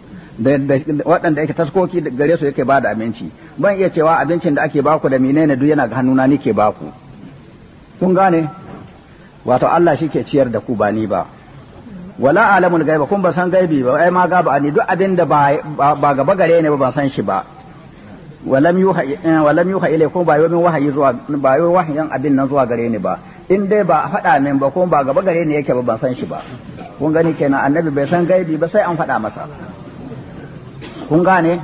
waɗanda yake taskoki gare su yake bada abinci ban iya cewa abincin da ake baku da menene duk yana ga hannuna nike baku kun gane wato Allah shi ke ciyar da ku ba ni ba wala alamul gaiba kun ba san gaibi ba ai ma ga ba ni duk abin da ba gaba gare ne ba ban san shi ba walam yuha eh, walam yuha ilai kun ba yomin wahayi zuwa ba yomin wahayin abin nan zuwa gare ni ba in dai ba faɗa min ba kun ba gaba gare ni yake ba ban san shi ba kun gani kenan annabi bai san gaibi ba sai an faɗa masa kun gane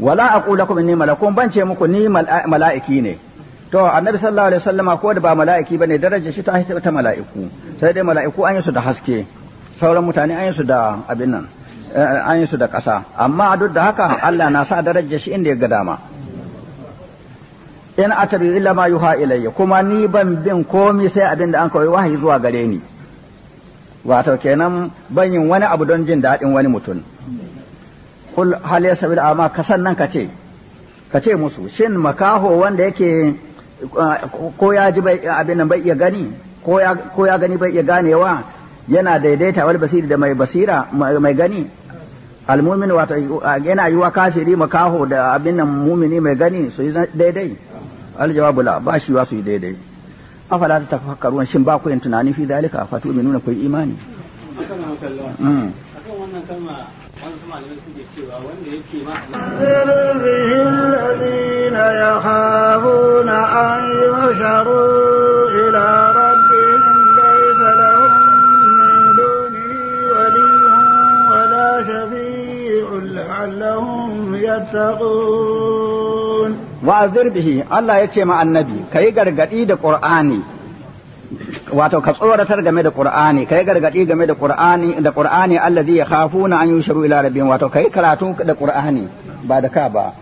wala aqulu lakum inni malakun ban ce muku ni mala'iki ne to annabi sallallahu alaihi wasallam ko da ba mala'iki bane daraja shi ta ta mala'iku sai dai mala'iku an yi su da haske sauran mutane an yi su da abin nan eh, an yi su da ƙasa amma duk da haka Allah na sa daraja shi inda ya ga dama in atabi illa ma yuha ilayya kuma ni ban bin komi sai abin da an kawai wahayi zuwa gare ni wato kenan ban yin wani abu don jin daɗin wani mutum kul hal yasabil amma ka nan kace ce musu shin makaho wanda yake ko ya ji abin nan bai iya gani ko ya gani bai iya ganewa yana daidaita wal basiri da mai basira mai gani almumin wato yana yi wa kafiri makaho da abin nan mumini mai gani su yi daidai aljawabu la ba shi wa su yi daidai afala ta tafakkaruwan shin ba ku yin tunani fi dalika fatu minuna ku yi imani akan mm. wannan kalma wani su malamai Wa zirgin ya qabu na hanyar shago, Ila rabbi in gaisa launin Allah ya ce ma'anabi ka yi gargadi da Kur'ani. wato ka tsoratar game da qur'ani kai gargadi game da qur'ani da qur'ani allazi yakhafuna an yushiru ila rabbihim wato kai karatu da qur'ani ba da ka ba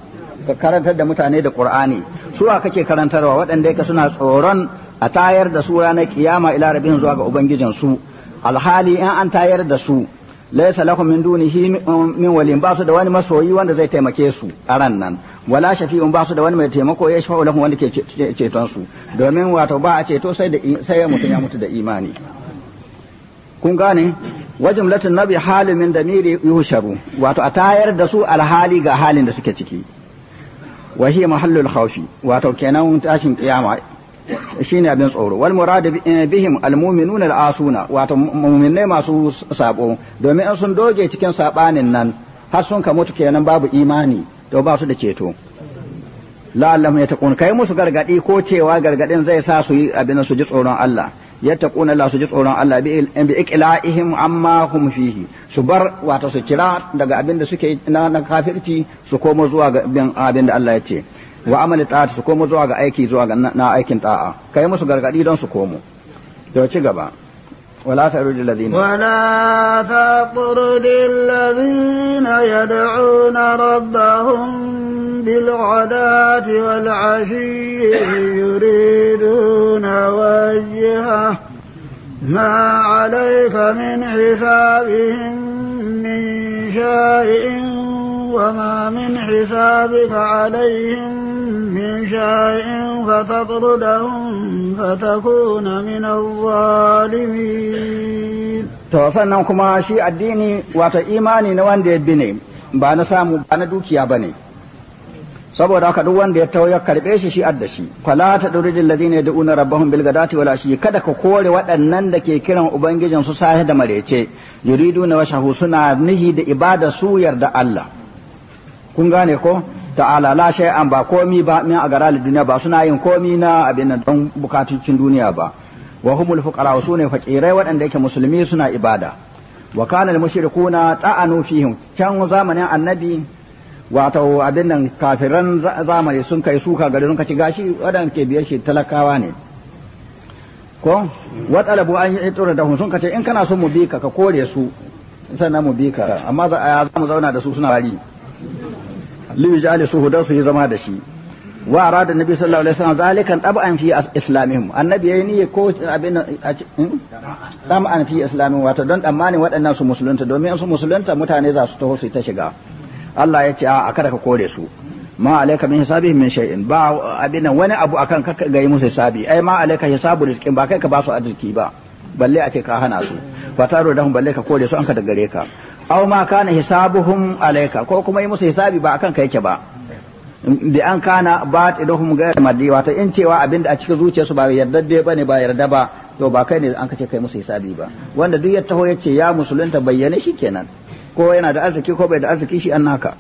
ka karantar da mutane da qur'ani su suwa kake karantarwa waɗanda yake suna tsoron a tayar da su ranar kiyama ila rabbihim zuwa ga ubangijin su alhali in an tayar da su laisa lahum min dunihi um, min waliyin ba su da wani masoyi wanda zai taimake su a ran nan wala shafi'un ba su da wani mai taimako ya shafa lahum wanda ke ceton su domin wato ba a ceto sai da sai mutu ya mutu da imani kun gane wa jumlatun nabi halu min damiri yusharu wato a tayar da su alhali ga halin da suke ciki wa hiya mahallul khawfi wato kenan tashin kiyama shine abin tsoro wal murad eh, bihim al mu'minuna al asuna wato mu'minai masu sabo domin an sun doge cikin sabanin nan har sun ka mutu kenan babu imani to ba su da ceto ya taqun kai musu gargadi ko cewa gargadin zai sa su yi abin su ji tsoron Allah ya taqun la su ji tsoron Allah bi iqla'ihim amma hum fihi su bar wato su kira daga abin da suke na kafirci su komo zuwa ga abin da Allah ya ce wa amali ta'ati su komo zuwa ga aiki zuwa ga na aikin ta'a kai musu gargadi don su komo to ci gaba ولا تطرد الذين ولا تطرد الذين يدعون ربهم بالغداة والعشي يريدون وجهه ما عليك من حسابهم من شيء وما من حسابك عليهم من شيء فتطردهم فتكون من الظالمين to sannan kuma shi addini wata imani na wanda ya bi ne ba na samu ba na dukiya ba ne saboda haka duk wanda ya taho ya karbe shi shi adda shi fala ta duridil ladina yad'una rabbahum bil ghadati wala shi kada ka kore waɗannan da ke kiran ubangijin su sahi da marece na washahu suna nihi da ibada su yarda Allah kun gane ko ta'ala la shay'an ba komi ba min a da duniya ba suna yin komi na abin nan don bukatun duniya ba wa humul fuqara su ne fakirai waɗanda yake musulmi suna ibada wa kana al mushrikuuna ta'anu fihim kan zamanin annabi wato abin nan kafiran zamani sun kai suka gari sun kaci gashi waɗanda ke biyar shi talakawa ne ko wa talabu an yi tsoro da sun kace in kana so mu bi ka ka kore su sannan mu bi ka amma za a mu zauna da su suna bari li su dan su yi zama da shi wa arada nabi sallallahu alaihi wasallam zalikan tab'an fi islamihim annabi yayi ne ko abin hmm? tab'an fi islamihim wato don tsammani waɗannan su musulunta domin su musulunta mutane za su taho su ta shiga Allah ya ce a kada ka kore su ma alaika min hisabihim min shay'in ba abin wani abu akan ka ga yi musu hisabi ai ma alaika hisabu rizqin ba kai ka ba su arziki ba balle a ce ka hana su fataro da balle ka kore su an ka da gare ka aw ma kana hisabuhum alayka ko kuma yi musu hisabi ba akan kai yake ba bi an kana idahum ghayr maddi wato in cewa abinda a cikin zuciyarsu ba yardadde bane ba yarda ba to ba kai ne an kace kai musu hisabi ba wanda duk ya taho yace ya musulunta bayyane kenan ko yana da arziki ko bai da arziki shi an naka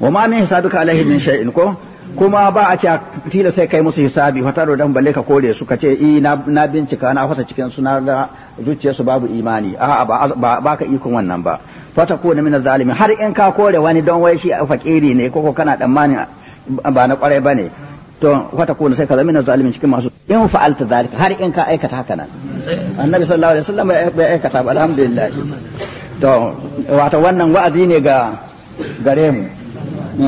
wa ma min hisabuka alaihi min shay'in ko kuma ba a ce tila sai kai musu hisabi wata da dan balle ka kore su ka ce i eh, na bincika na fasa cikin su na ga zuciyarsu babu imani a ba ba ka ikon wannan ba fa ta na min zalimi har in ka kore wani don wai shi a fakiri ne ko kana tsammanin ba na kwarai bane to fa ta kuna sai ka zama min cikin masu in fa'alta zalika har in ka aikata haka nan annabi sallallahu alaihi wasallam bai aikata ba alhamdulillah to wato wannan wa'azi ne ga gare mu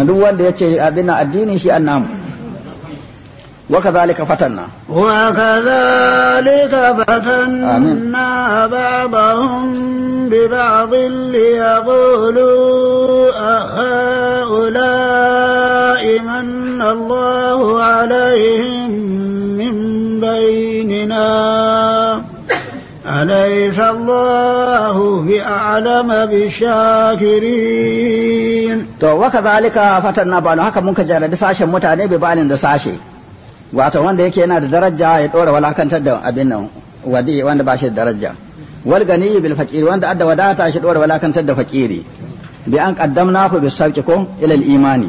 duk wanda ya ce abin addini shi an namu وكذلك فتنا وكذلك فتنا آمين. بعضهم ببعض ليقولوا أهؤلاء من الله عليهم من بيننا أليس الله بأعلم بالشاكرين to waka zalika fatanna ba haka mun ka jarabi sashen mutane bai balin da sashe wato wanda yake yana da daraja ya dora walakantar da abin nan wadi wanda ba shi da daraja wal gani bil faqir wanda adda wadata shi dora walakantar da faqiri bi an qaddamna ku bis sabqi ko ila imani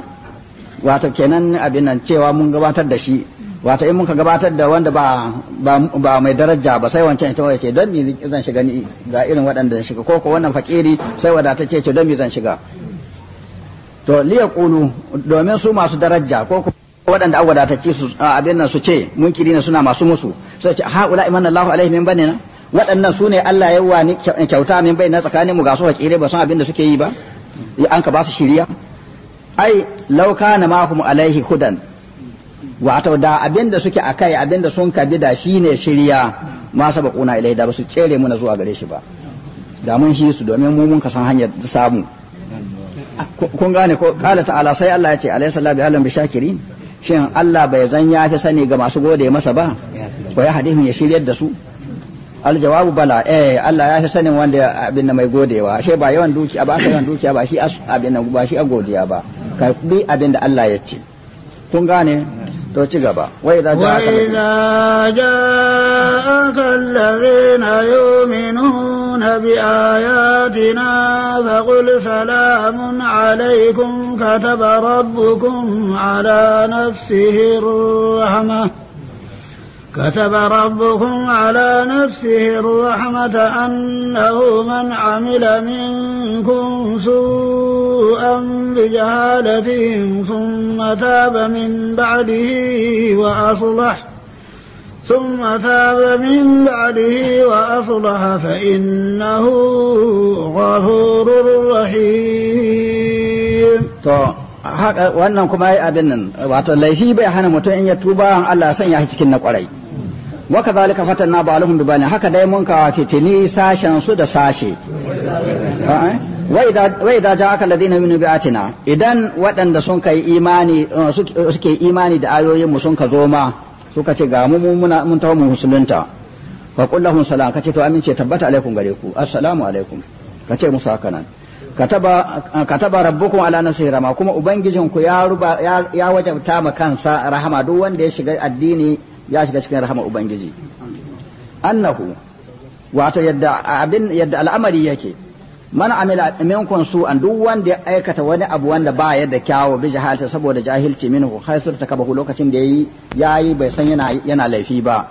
wato kenan abin nan cewa mun gabatar da shi wata in muka gabatar da wanda ba mai daraja ba sai wancan ita wace don mi zan shiga ni ga irin waɗanda zan shiga ko ko wannan fakiri sai wadatacce ce don mi zan shiga to liya kulu domin su masu daraja ko waɗanda an wadatacce su abin nan su ce munkiri ne suna masu musu sai ce haula imanna Allahu alaihi min banina waɗannan su ne Allah ya ni kyauta min bai na tsakanin mu ga su fakire ba san abin da suke yi ba an ka ba su shiriya ai lauka na mahum alaihi hudan wato da abin da suke akai abin da sun kabi da shi ne shirya ma sabaquna ilai da basu cere muna zuwa gare shi ba da mun shi su domin mu mun ka san hanyar samu kun gane ko kala ta'ala sai Allah ya ce alayhi salatu alam bi shakirin shin Allah bai zan ya fi sani ga masu gode masa ba ko ya hadisin ya shiryar da su al jawabu bala eh Allah ya fi sani wanda abin da mai godewa ashe ba yawan dukiya ba yawan dukiya ba shi abin ba shi a godiya ba kai bi abin da Allah ya ce kun gane وإذا جاءك الذين يؤمنون بآياتنا فقل سلام عليكم كتب ربكم على نفسه الرحمه كتب ربكم على نفسه الرحمة أنه من عمل منكم سوءا بجهالة ثم تاب من بعده وأصلح ثم تاب من بعده وأصلح فإنه غفور رحيم wannan kuma ya abin nan wato laifi bai hana mutum in ya tuba Allah san ya cikin na kwarai fatan na ba ba'alhum dubani haka dai mun ka fitini sashen su da sashe da idza ja'aka alladhina yu'minu bi atina idan waɗanda sun kai imani uh, uh, suke imani da ayoyin mu sun ka zo ma suka ce ga mu mun tawo mu musulunta fa qul lahum salam kace to amince tabbata alaikum gare ku assalamu alaikum kace musu haka nan kataba uh, kataba rabbukum ala nafsihi rahma kuma ubangijinku ya ruba ya wajabta ma kansa rahama duk wanda ya shiga addini ya shiga cikin rahamar ubangiji annahu wato yadda abin yadda al'amari yake man amila minkum su an duk wanda ya aikata wani abu wanda ba ya da kyawu bi jahalta saboda jahilci minhu khaisu ta kabahu lokacin da yayi yayi bai san yana yana laifi ba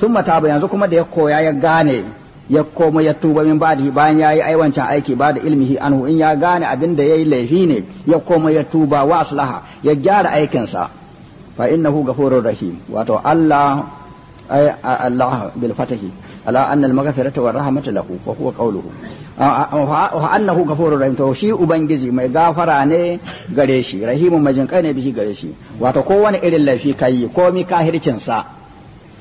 sun mata yanzu kuma da ya koya ya gane ya koma ya tuba min ba'di bayan yayi aiwancin aiki ba da ilmihi anhu in ya gane abin da yayi laifi ne ya koma ya tuba wa aslaha ya gyara aikinsa fa innahu ghafurur rahim wato Allah ay Allah bil fatahi ala anna al maghfirata war rahmatu lahu wa huwa qawluhu wa annahu ghafurur rahim to shi ubangiji mai gafara ne gare shi mai majin kai ne bihi gare shi wato kowane irin laifi kai mi kahircin sa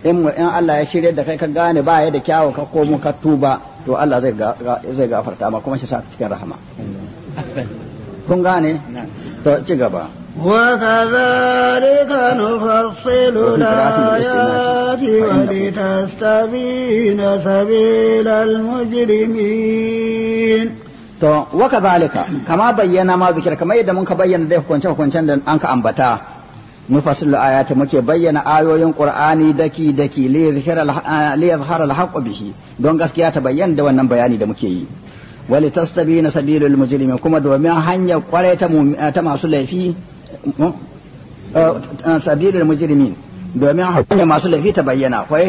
in in Allah ya shirya da kai ka gane ba ya da kyawu ka komo ka tuba to Allah zai zai gafarta amma kuma shi sa cikin rahama kun gane to ci gaba وكذلك نفصل الآيات ولتستبين سبيل المجرمين to waka zalika kama bayyana ma zikir kama yadda muka bayyana dai hukunce hukuncen da an ka ambata nufasil ayati muke bayyana ayoyin qur'ani daki daki li yadhhara al eh, haqq bihi don gaskiya ta bayyana da wannan bayani da muke yi wali tastabina sabilul mujrimin kuma domin hanyar kwarai ta eh, masu laifi Hmm? Eh, sabilul mujrimin domin hukunya masu laifi ta bayyana fa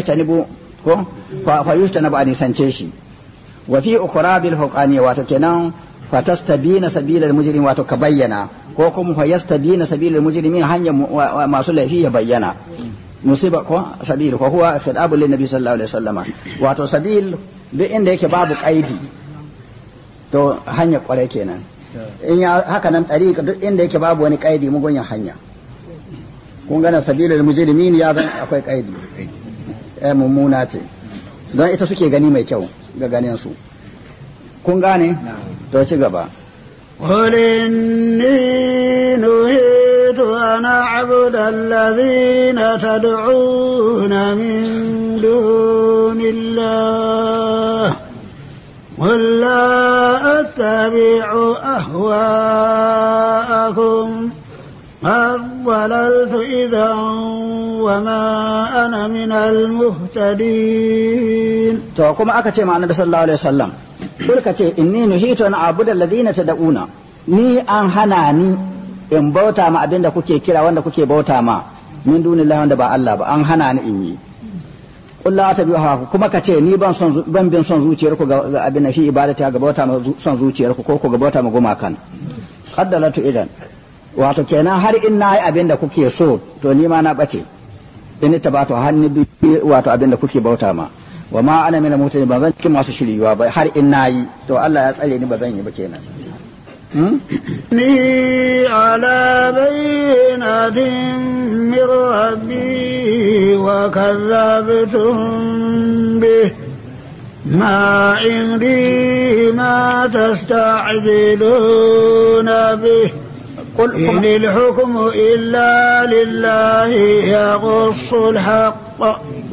ko fa nisance shi wa fi ukhra bil wato kenan fa tastabina wato ka bayyana ko kuma fa yastabina mujrimin hanya masu ya bayyana musiba ko sabil ko huwa lin nabi sallallahu alaihi wasallam wato sabil duk inda yake babu qaidi to hanya kware kenan in ya haka nan tariqa duk inda yake babu wani kaidi mugunyan hanya kun gana sabilul mujrimin ya zan akwai kaidi eh mummuna ce don ita suke gani mai kyau ga ganin su kun gane to ci gaba قل إني نهيت أن أعبد الذين تدعون من دون الله قل لا أتبع أهواءكم قد ضللت إذا وما أنا من المهتدين to kuma aka ce ma annabi sallallahu alaihi wasallam kul ka ce inni nuhitu an abuda alladhina tad'una ni an hana ni in bauta ma abinda kuke kira wanda kuke bauta ma min dunillahi wanda ba Allah ba an hana ni in yi kulla ta biyu hawa kuma ka ce ni ban bin son zuciyar ku ga abin shi ibadata ga bauta ma son zuciyar ku ko ku ga bauta ma goma kan qaddalatu idan wato kenan har in na yi abin da kuke so to ni ma na bace in ta ba to har ni wato abin da kuke bauta ma wa ma ana mina mutane ba zan cikin masu shiryuwa ba har in na yi to Allah ya tsare ni ba zan yi ba kenan إني على بينة من ربي وكذبتم به ما عندي ما تستعجلون به قل إن الحكم إلا لله يقص الحق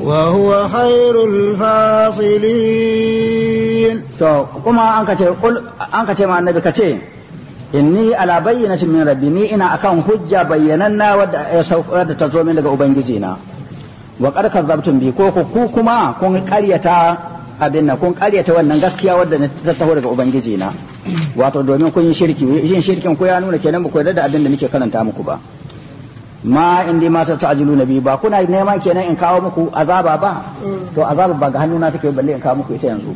وهو خير الفاصلين. تو كما أنك تقول أنك تقول النبي كتير inni ala min rabbi ni ina akan hujja bayyananna wadda ya sauka da ta min daga ubangiji na wa qad kadzabtum bi ko ku kuma kun ƙaryata abin nan kun ƙaryata wannan gaskiya wadda ta taho daga ubangiji na wato domin kun yi shirki yin shirkin ku ya nuna kenan ba ku yarda da abin da nake karanta muku ba ma indi ma ta'jilu nabi ba kuna neman kenan in kawo muku azaba ba to azaba ba ga hannuna take balle in kawo muku ita yanzu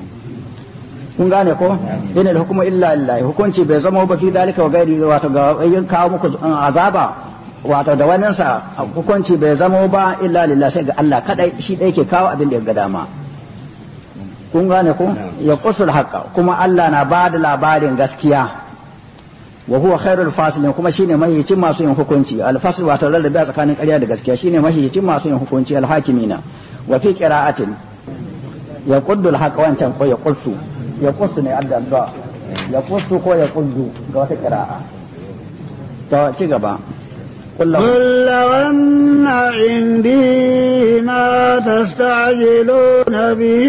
kun gane ko yana da hukuma illa lillahi hukunci bai zama ba fi dalika wa gairi wato ga yin kawo muku uh, azaba wato da wannan sa hukunci bai zama ba illa lillahi sai ga Allah kadai shi dai ke kawo abin da ya ga dama kun gane ko ya qusul haqa kuma Allah na ba da labarin gaskiya wa huwa khairul fasilin kuma shine mahiyicin masu yin hukunci al fasil wato rarrabe a tsakanin ƙarya da gaskiya shine mahiyicin masu yin hukunci al hakimina wa fi qira'atin ya quddul haqa wancan ko ya qultu ya kusu ne adda addu'a ya kusu ko ya kullu ga wata kira'a ta ci gaba قل لو أن عندي ما تستعجلون به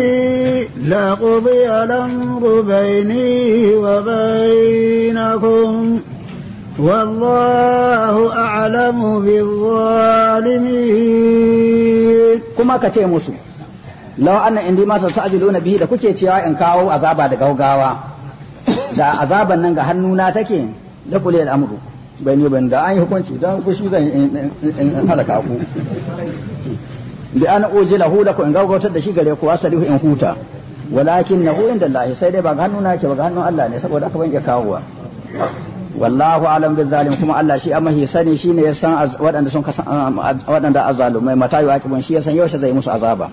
لقضي الأمر بيني وبينكم والله أعلم بالظالمين كما كتير law anna indi ma tasajiluna bihi da kuke cewa in kawo azaba da gaugawa da azaban nan ga hannuna take da kule al'amru bai ne ban da an yi hukunci don ku shi zan in halaka ku bi an lahu da ku in gaugautar da shi gare ku asalihu in huta walakin nahu inda Allah sai dai ba ga hannuna ke ba ga hannun Allah ne saboda aka ban iya kawowa wallahu alam bil zalim kuma Allah shi amma shi sani shine ya san waɗanda sun waɗanda azalumai mata yaqibun shi ya san yaushe zai musu azaba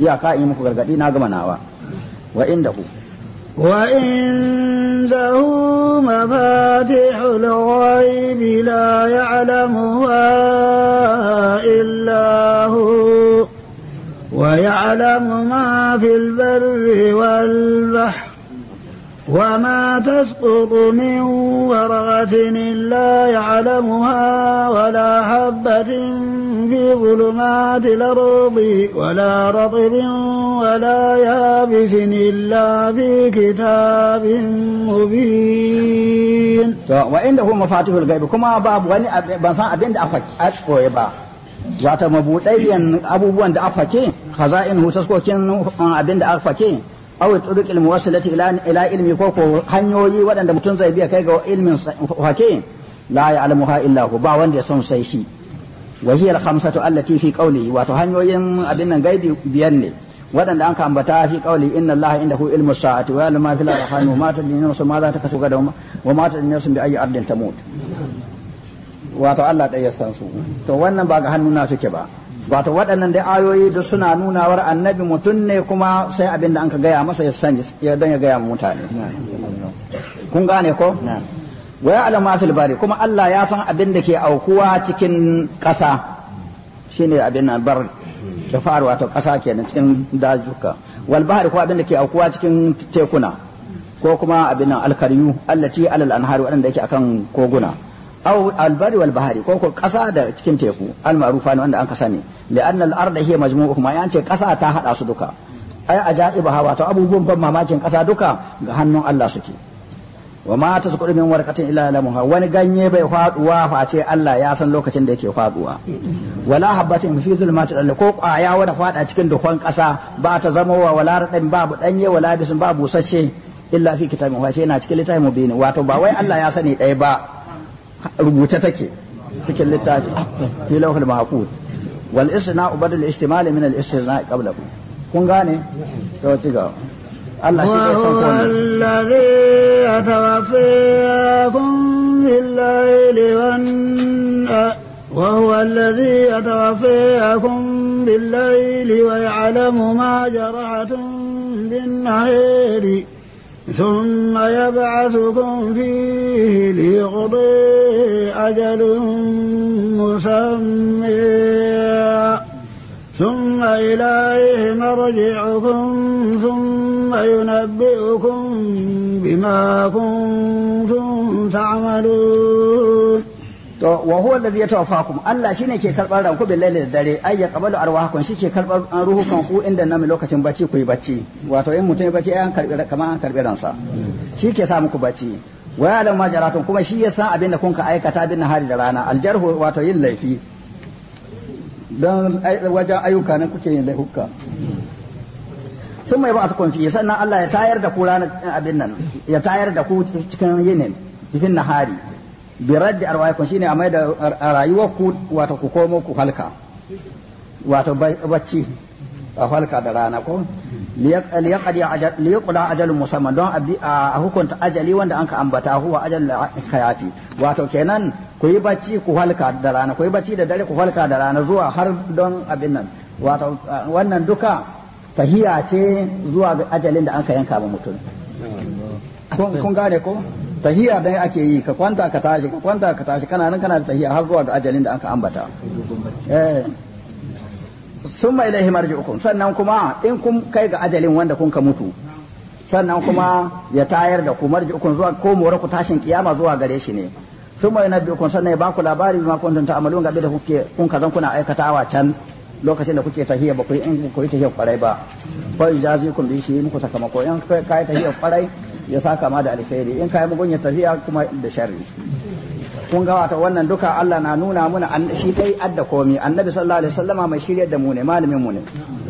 iyaka in muku gargadi na gama nawa wa indahu wa indahu mafatihul ghaibi la ya'lamuha illa hu ويعلم ما في البر والبحر وما تسقط من ورقة إلا يعلمها ولا حبة في ظلمات الأرض ولا رطب ولا يابس إلا في كتاب مبين وعنده مفاتيح الغيب كما باب وني بنسان أبين دا أفكي با واتمبوطين أبو بوان دا أفكي خزائن هو تسقوكين أبين دا أفكي aw turuq al muwassilati ilmi ko ko hanyoyi mutum zai biya kai ga ilmin hake la ba wanda ya san sai shi wa hiya al khamsatu allati fi wato gaibi biyan ne waɗanda an ambata fi qawli inna allaha indahu ilmu su to wannan ba ga hannu na suke ba wato waɗannan da ayoyi da suna nunawar annabi mutum ne kuma sai abin da an ka gaya masa ya sani don ya gaya mutane kun gane ko waya alama fil bari kuma Allah ya san abin da ke aukuwa cikin ƙasa shine abin nan bar ke faru wato ƙasa kenan cikin dajuka wal bahri ko abin da ke aukuwa cikin tekuna ko kuma abin nan alkaryu allati alal anhari waɗanda yake akan koguna aw albari wal bahari ko ko kasa da cikin teku al ma'rufa ne wanda an ka sani anna al arda hiya majmu'u kuma yan ce kasa ta hada su duka ay ajaiba hawa to abubuwan ban mamakin kasa duka ga hannun Allah suke wa ma tasqudu min warqatin illa lamuha wani ganye bai faduwa ce Allah ya san lokacin da yake faduwa wala habatin fi zulmatil ardi ko kwaya da fada cikin dukan kasa ba ta zama wa wala radin babu danye wala bisin babu sashe illa fi kitabin ce yana cikin littafin mubin wato ba wai Allah ya sani dai ba rubuce take cikin littafi fi lawhul mahfuz wal istina'u badal min al istina'i qablahu kun gane to ci gaba الله شيء هو وهو الذي يتوفيكم بالليل ويعلم ما بالنهار ثم يبعثكم فيه ليقضي أجل مسمى ثم إليه مرجعكم ثم ينبئكم بما كنتم تعملون to wa huwa alladhi yatawaffakum Allah shine ke karbar ranku bil laili da dare ay yaqbalu qabalu arwahakum ke karbar ruhukan ku inda nan lokacin bacci ku yi bacci wato in mutum ya bacci an karbi kamar an karbi ransa ke sa muku bacci wa ya lam jaratun kuma shi ya san abin da kun ka aikata bin hari da rana aljarhu wato yin laifi don wajen ayyuka nan kuke yin laifuka sun mai ba a tukun fiye sannan Allah ya tayar da ku ranar abin nan ya tayar da ku cikin yinin cikin nahari bi raddi arwaikum shine a maida rayuwar ku wato ku komo ku halka wato bacci a halka da rana ko liyaqda ajal musamman don a hukunta ajali wanda an ka ambata huwa ajal hayati wato kenan ku yi bacci ku halka da rana ku yi bacci da dare ku halka da rana zuwa har don abin nan wato wannan duka tahiya ce zuwa ajalin da an ka yanka ba mutum kun gane ko tahiya dai ake yi ka kwanta ka tashi ka kwanta ka tashi kana nan kana da tahiya har zuwa ga ajalin da aka ambata eh summa ilaihi marji'ukum sannan kuma in kun kai ga ajalin wanda kun ka mutu sannan kuma ya tayar da ku marji'ukum zuwa ko more ku tashin kiyama zuwa gare shi ne summa yunabbi'ukum sannan ya baku labari bima kuntum ta'malun ga da kuke kun kazan kuna aikatawa can lokacin da kuke tahiya ba ku yi in ku yi tahiya kwarai ba ko jazikum bi shi muku sakamako in kai tahiya kwarai ya sa kama da alkhairi in kai ya tafiya kuma da sharri kun ga wata wannan duka Allah na nuna muna shi dai adda komi annabi sallallahu alaihi wasallama mai shirya da mu ne malamin mu ne